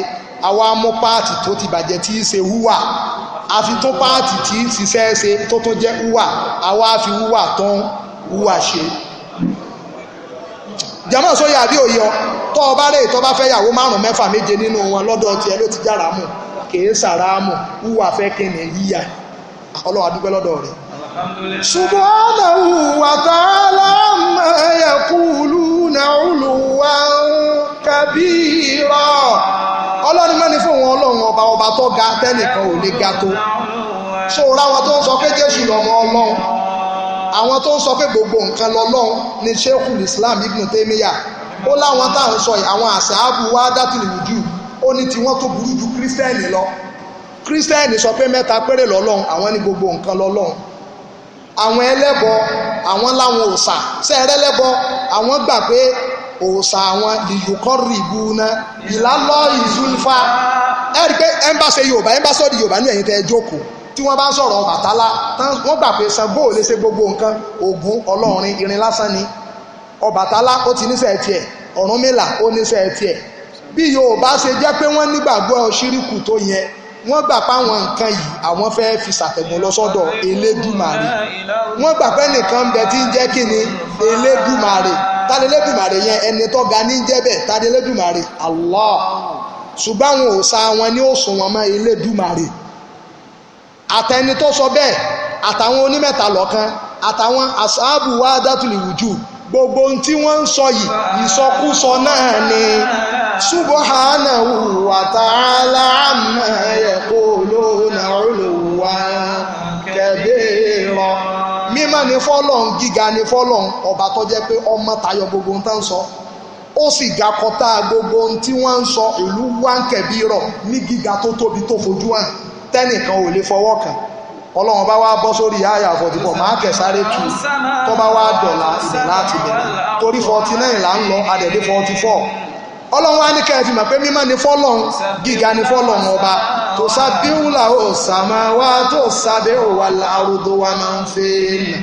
àwa mú páàtì tó ti bàjẹ́ tí í ṣe húwà àfi tó páàtì tí í ṣiṣẹ́ ṣe tó tó jẹ́ húwà àwa fi húwà tó ń húwà ṣe jàmọ́ sóyè àbí òye ọ tó o bá bá fẹ́ yàwó márùn-ún mẹ́fà méje nínú wọn lọ́dọ̀ tiẹ̀ ló ti jára mù kèé sàrà fẹ́ kí ni yíyà ọlọ́wà dúpẹ́ lọ́dọ̀ rẹ̀ subhanahu wa ta'ala ma yaquluna uluwan kabira ọlọ́run mẹ́ni fún wọn ọlọ́run ọba ọba tó ga tẹ́nìkan ò lè ga tó so ráwa tó ń sọ pé jésù lọ́mọ ọlọ́run àwọn tó ń sọ pé gbogbo nǹkan lọ́lọ́run ni sheikhul islam ibn taymiya ó láwọn tá à ń sọ yìí àwọn àṣàbù wa dátìlì wùdú ó ní tiwọn tó burú ju kírísítẹ́nì lọ kírísítẹ́nì sọ pé mẹ́ta péré lọ́lọ́run àwọn ní gbogbo nǹkan lọ́lọ́run àwọn ẹlẹ́bọ àwọn láwọn òòṣà sẹ́ẹ̀rẹ́ lẹ́bọ àwọn gbà pé òòṣà àwọn ìyókọ́ rìbú ná ìlálọ́ ìzúlfà ẹ rí i pé ẹ ń bá ṣe yorùbá ẹ ń bá sọ́ọ̀dì yorùbá ní ẹ̀yìn tẹ́ ẹ jókòó tí wọ́n bá ń sọ̀rọ̀ bàtálá wọ́n gbà pé Ṣàngó ò lè ṣe gbogbo nǹkan Ògún ọlọ́rin irin lásán ni Ọbàtálá ó ti níṣẹ́ tiẹ̀ Ọ̀rúnmìlà ó níṣẹ́ tiẹ̀ bí yorùbá ṣe jẹ́ pé wọ́n nígbàgbọ́ ṣíríkù tó yẹn wọ́n gbà páwọn nǹkan yìí àwọn fẹ́ fi ṣàtẹ̀gùn lọ sọ́dọ̀ Elédùmarè wọ́n gbà pé nìkan bẹ tí ń jẹ́ kí ni Elédùmarè tani Elédùmarè yẹn ẹni tó ga ní jẹ́ bẹ́ẹ̀ tani Elédùmarè Allah ṣùgbọ́n àwọn òòṣà wọn ni ó sùn wọn mọ́ Elédùmarè àtẹni tó sọ bẹ́ẹ̀ àtàwọn onímẹ̀ta lọ́kan àtàwọn asáàbù wa dátùlì wùjú gbogbo ohun wọn wọ́n ń sọ yìí ìsọkúsọ náà ni subhanahu wa ta'ala amma yaquluna uluwan kabira mímọ́ ni fọ́lọ́n gíga ni fọ́lọ́n ọba tó jẹ́ pé ọmọ tayọ gbogbo ohun tó ń sọ ó sì ga kọta gbogbo ohun wọn wọ́n ń sọ ìlú wa kabira ní gíga tó tóbi tó fojú hàn tẹ́nìkan ò lè fọwọ́ kàn. ọlọ́run bá wá bọ́ sórí àyà 44 máa kẹsàrẹ́ tù bá wá dọ̀là ibẹ̀ láti bẹ̀rẹ̀ torí 49 là ń lọ adẹ̀dẹ̀ 44 ọlọ́run wá ní kẹfì mọ̀ pé mímọ́ ni fọ́lọ́run gíga ni fọ́lọ́run ọba tó sábẹ́wùlà ó wà tó sábẹ́ máa ń fẹ́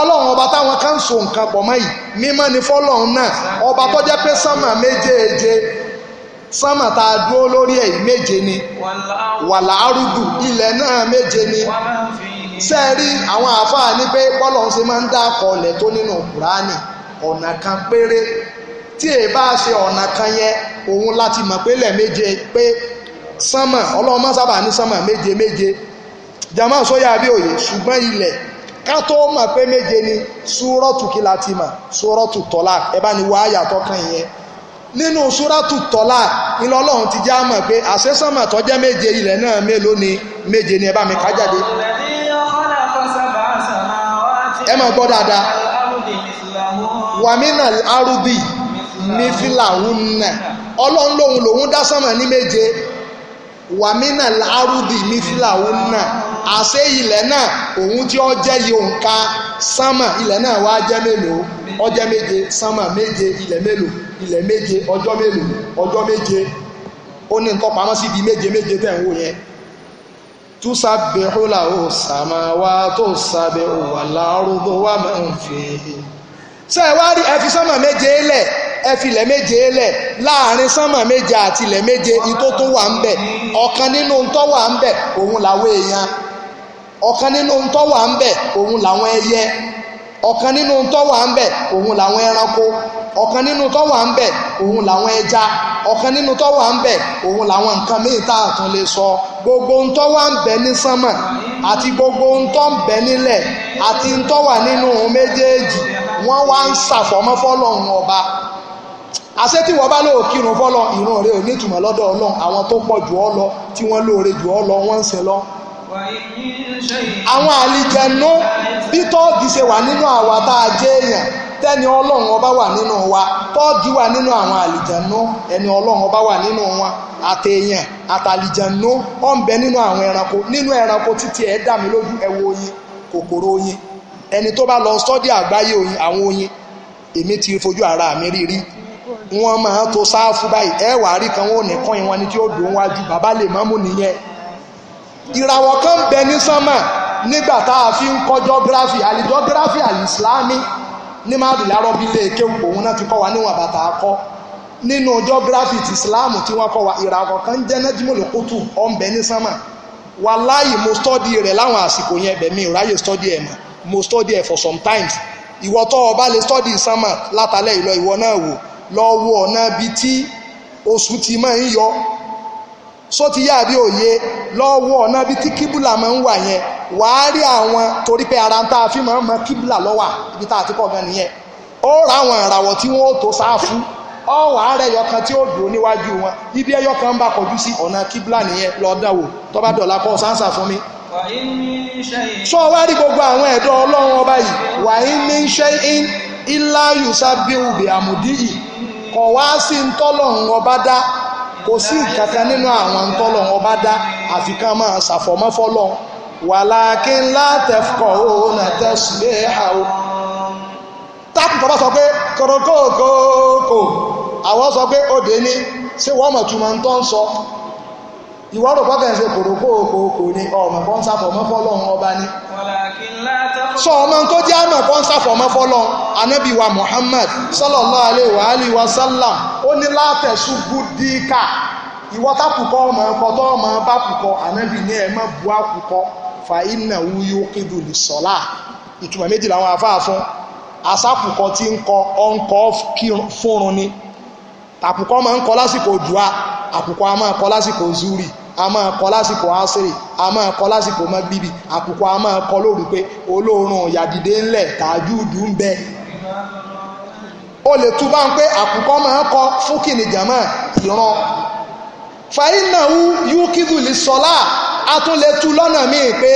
ọlọ́run ọba táwọn kan sánmà tá a dúró lórí ẹ̀ méje ni wàlà arúgbù ilẹ̀ náà méje ni sẹ́ẹ̀rí àwọn àáfàá ní pé bọ́lọ̀ ń ṣe máa ń dá akọ̀ ọ̀lẹ̀ tó nínú kùránì ọ̀nà kan péré tí èyí bá ṣe ọ̀nà kan yẹn òun láti mọ̀ pé lẹ̀ méje pé sánmà ọlọ́run má sábà ní sánmà méje méje jama sóyà bí òye ṣùgbọ́n ilẹ̀ ká tó mọ̀ pé méje ni súrọ́tù kí láti mọ̀ súrọ́tù tọ́lá ẹ bá ní wàá yàtọ̀ kan yẹn nínú súrátù tọ́lá ìlọ́lọ́run ti já mọ̀ pé àṣẹ́sánmà tó jẹ́ méje ilẹ̀ náà mélòó ni méje ni ẹ mi ká jáde ẹ máa gbọ́ dáadáa wàmínà arúbì mífìlàhùnà ọlọ́run lòun lòun dá sánmà ní méje wàmínà arúbì mífìlàhùnà àṣẹ ilẹ̀ náà òun tí ó jẹ́ yìí sámà ilẹ̀ náà wá jẹ́ mélòó ọjọ́ méje sámà méje ilẹ̀ mélòó ilẹ̀ méje ọjọ́ mélòó ọjọ́ méje ó ní nǹkan pamọ́ sí di méje méje tẹ̀ ń wò yẹn tusabihu lahu samawatu sabihu wal ardu wa man fihi ṣé ẹ wá rí ẹ fi sánmà méje lẹ̀ ẹ fi ilẹ̀ méje lẹ̀ láàrin sánmà méje àti ilẹ̀ méje itó tó wà ń bẹ̀ ọ̀kan nínú tó wà ń bẹ̀ òun làwọn èèyàn ọ̀kan nínú tó wà ń bẹ̀ òun làwọn ẹyẹ ọ̀kan nínú tó wà ń làwọn ẹranko ọ̀kan nínú tó wà ń làwọn ẹja ọ̀kan nínú tó wà ń làwọn nǹkan míì tá a lè sọ gbogbo ń tó wà àti gbogbo ń tó ń nílẹ̀ àti ń tó wà méjèèjì wọ́n wá ń ṣàfọ̀mọ́ àwọn àlìjẹnú bí tọ́ọ̀gì ṣe wà nínú àwa tá a jẹ́ èèyàn tẹ́ni ọlọ́run ọba wà nínú wa tọ́ọ̀gì wà nínú àwọn àlìjẹnú ẹni ọlọ́run ọba wà nínú wọn àtẹ̀yàn àtàlìjẹnú ó ń bẹ nínú àwọn ẹranko nínú ẹranko títí ẹ̀ dà mí lójú ẹ̀wọ̀ oyin kòkòrò oyin ẹni tó bá lọ sọ́dí àgbáyé oyin àwọn oyin èmi ti fojú ara mi rí rí wọ́n máa tó sáfù báyìí ẹ̀ wàá rí kan wọn ò ní kọ́ ìwọn ni tí ó dùn wájú bàbá lè mọ́mú nìyẹn ìràwọ̀ kan ń bẹ ní sánmà nígbà tá a fi ń kọ́ geography àlìjọ́gráfì àlìsílámì ní mádùlẹ̀ arọ́bí ilé èké òun náà ti kọ́ wa níwọ̀n bàtà akọ́ nínú geography ti tí wọ́n kọ́ ìràwọ̀ kan jẹ́ rẹ̀ láwọn àsìkò yẹn bẹ̀ ìráyè ẹ̀ mà mo ẹ̀ for some times ìwọ tó lè sánmà látàlẹ́ ìlọ ìwọ náà ti máa ń yọ só ti yá àbí òye lọ́wọ́ ọ̀nà bíi tí kíbùlà máa ń wà yẹn wàá rí àwọn torí pé ara ń tá a fi máa ń mọ kíbùlà lọ́wà ibi tá a ti kọ́ gan nìyẹn ó ra àwọn ìràwọ̀ tí wọ́n ó tó sáfù ọ wàá rẹ ẹyọkan tí ó dùn níwájú wọn ibi ẹyọkan bá kọjú sí ọ̀nà kíbùlà nìyẹn lọ́dà wò tó bá dọ̀la kọ́ sáǹsà fún mi gbogbo àwọn ẹ̀dọ́ ọlọ́run ọba yìí wàá ní ṣe ń ilá yusa yìí kọ̀ wá sí ń tọ́lọ́run ọba dá kò sí ìkankan nínú àwọn ntọ́lọ̀ wọn bá dá àfi ká máa ṣàfọ̀mọ́ fọ́lọ́ wàlákin látẹ̀fọ̀ òun àtẹ̀sílẹ̀ àwọn. táàpù tó bá sọ pé kòrókòókòókò àwọn sọ pé òde ní ṣé wọ́n mọ̀ túmọ̀ ń tọ́ ń sọ ìwọ rò pọ́kẹ̀ ṣe kòrókó okòókò ni ọmọ kan sáfọ̀mọ́ fọ́lọ́run ọba ni sọ ọmọ tó jẹ́ àmọ̀ kan sáfọ̀mọ́ fọ́lọ́run anábì wa Muhammad sallallahu alaihi wa alihi wa sallam ó ní látẹ̀sù gúdíkà ìwọ tápùkọ ọmọ ẹ̀kọ́ tó ọmọ bá pùkọ anábì ní ẹ̀mọ́ bu àpùkọ fa iná wúyó kídù lè sọ́lá ìtumọ̀ méjì làwọn afáà fún asápùkọ tí ń kọ ọ̀nkọ́ fúnrun ni àpùkọ máa ń kọ lásìkò dùá àpùkọ a máa kọ lásìkò zuri a máa kọ lásìkò asiri a máa kọ lásìkò magbibi àpùkọ a máa kọ lóru pé olóorun yàdìdé ńlẹ̀ tàjúùdù ń bẹ o lè tú bá ń pé àpùkọ máa ń kọ fúkìnì jàmá ìran fàyínàwó yúkìdùlì sọlá a tún lè tú lọ́nà míì pé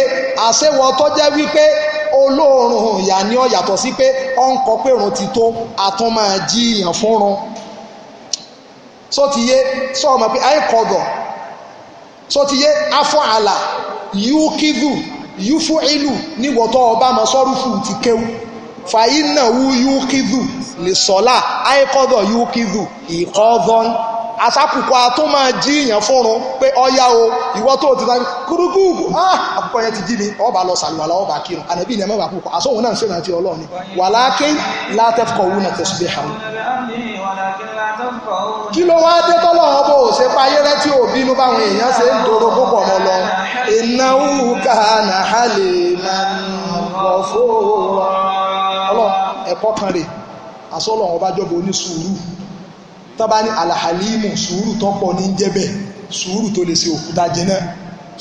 àṣewọ tó jẹ́ wípé olóorun ìyá ni ọ yàtọ̀ sí pé ọ ń kọ pé òun ti tó a tún máa jí ìyàn fúnrun sọ ti yé sọ ọmọ pé àìkọ̀dọ̀ sọ ti yé afọ àlà yúkìdù yúfú ìlú níwọ̀tọ́ ọba mọ sọ́rùfù ti kéwú fàyínà wú yúkìdù lè sọ́lá àìkọ̀dọ̀ yúkìdù ìkọ́dọ́n àsákùkọ atún ma ji èèyàn fúnrun pé ọya o ìwọ tó ti tán kúrúkúrú ah! àkùkọ ya ti jí mi ọba lọ sàlùwàlà ọba kírun ànàbí ìyẹn mẹ́wàá kúkọ àsóhun náà ń sèrànà ti ọlọ́run ni na la tafqahuna tasbihahum. kí ló wáá dé tọ́lọ́ ọbọ̀ kan ọba onísùúrù tọ́ba ní alahalimu sùúrù tó pọ̀ ní jẹ́bẹ̀ sùúrù tó lè ṣe òkúta jẹ́nà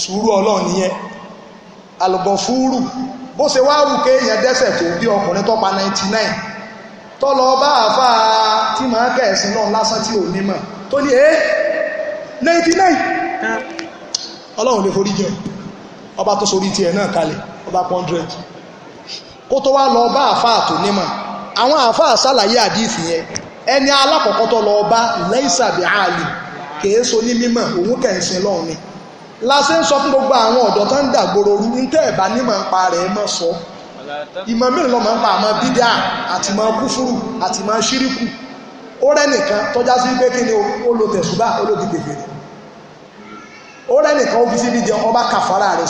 sùúrù ọlọ́run nìyẹn alùbọ̀fúrù bó ṣe wá rù ké èèyàn dẹ́sẹ̀ tó bí ọkùnrin tọ́pa 99 tọ́lọ bá àfá tí màá kẹ̀ẹ̀sìn náà lásán tí ò nímọ̀ tó ní ẹ́ 99 ọlọ́run lè forí jẹ ọba tó sorí tiẹ̀ ẹni alákọ̀ọ́kọ́ tó lọ bá lẹ́yìnsàbí àlè kìí so ní mímọ̀ òun kẹ̀sìn lọ́run ni láṣẹ ń sọ fún gbogbo àwọn ọ̀dọ́ tó ń dàgbòrò rú ní tẹ́ ń sọ ìmọ̀ mélòó lọ́mọ ń pa àmọ́ bídà àti àti ṣíríkù ó tọ́já sí pé kí ni ó lo ó ó ọba kàfàrà rẹ̀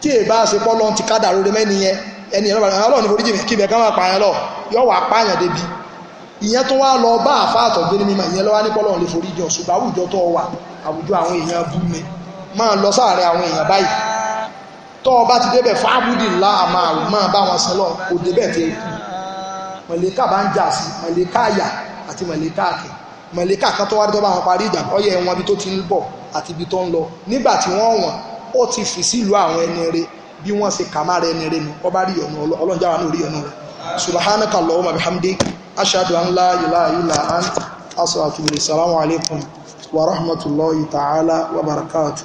tí èbá ṣe pọ́ lọ́n ti kádà lórí mẹ́ni yẹn ẹni ẹ̀rọ ọlọ́run ní foríjì mi kí ibẹ̀ kan máa pààyàn lọ yọ wà pààyàn débi ìyẹn tó wá lọ bá àfa àtọ̀gbé ní mímọ ìyẹn lọ́wọ́ ní pọ́lọ́run lè foríjì ọ̀ ṣùgbọ́n àwùjọ tó wà àwùjọ àwọn èèyàn bú mi máa lọ sáàrin àwọn èèyàn báyìí tó o bá ti débẹ̀ fábùdì ńlá máa máa bá wọn sẹ́lọ̀ kò débẹ̀ tẹ mọ̀lẹ́kà bá ń jà sí mọ̀lẹ́kà àyà àti mọ̀lẹ́kà àkẹ́ mọ̀lẹ́kà kan tó wá dé tó bá wọn parí ìjà ọyẹ wọn ibi tó ti ń bọ̀ àti ibi tó ń lọ nígbà tí wọ́n wọ̀n ó ti fi sílùú àwọn ẹni rẹ bí wọ́n ṣe kà máa rẹ ẹni rẹ ni kọ́ bá rí ọ̀nà ọlọ́run jáwa náà rí ọ̀nà rẹ wa rahmatulahi ta'ala wa barakatu.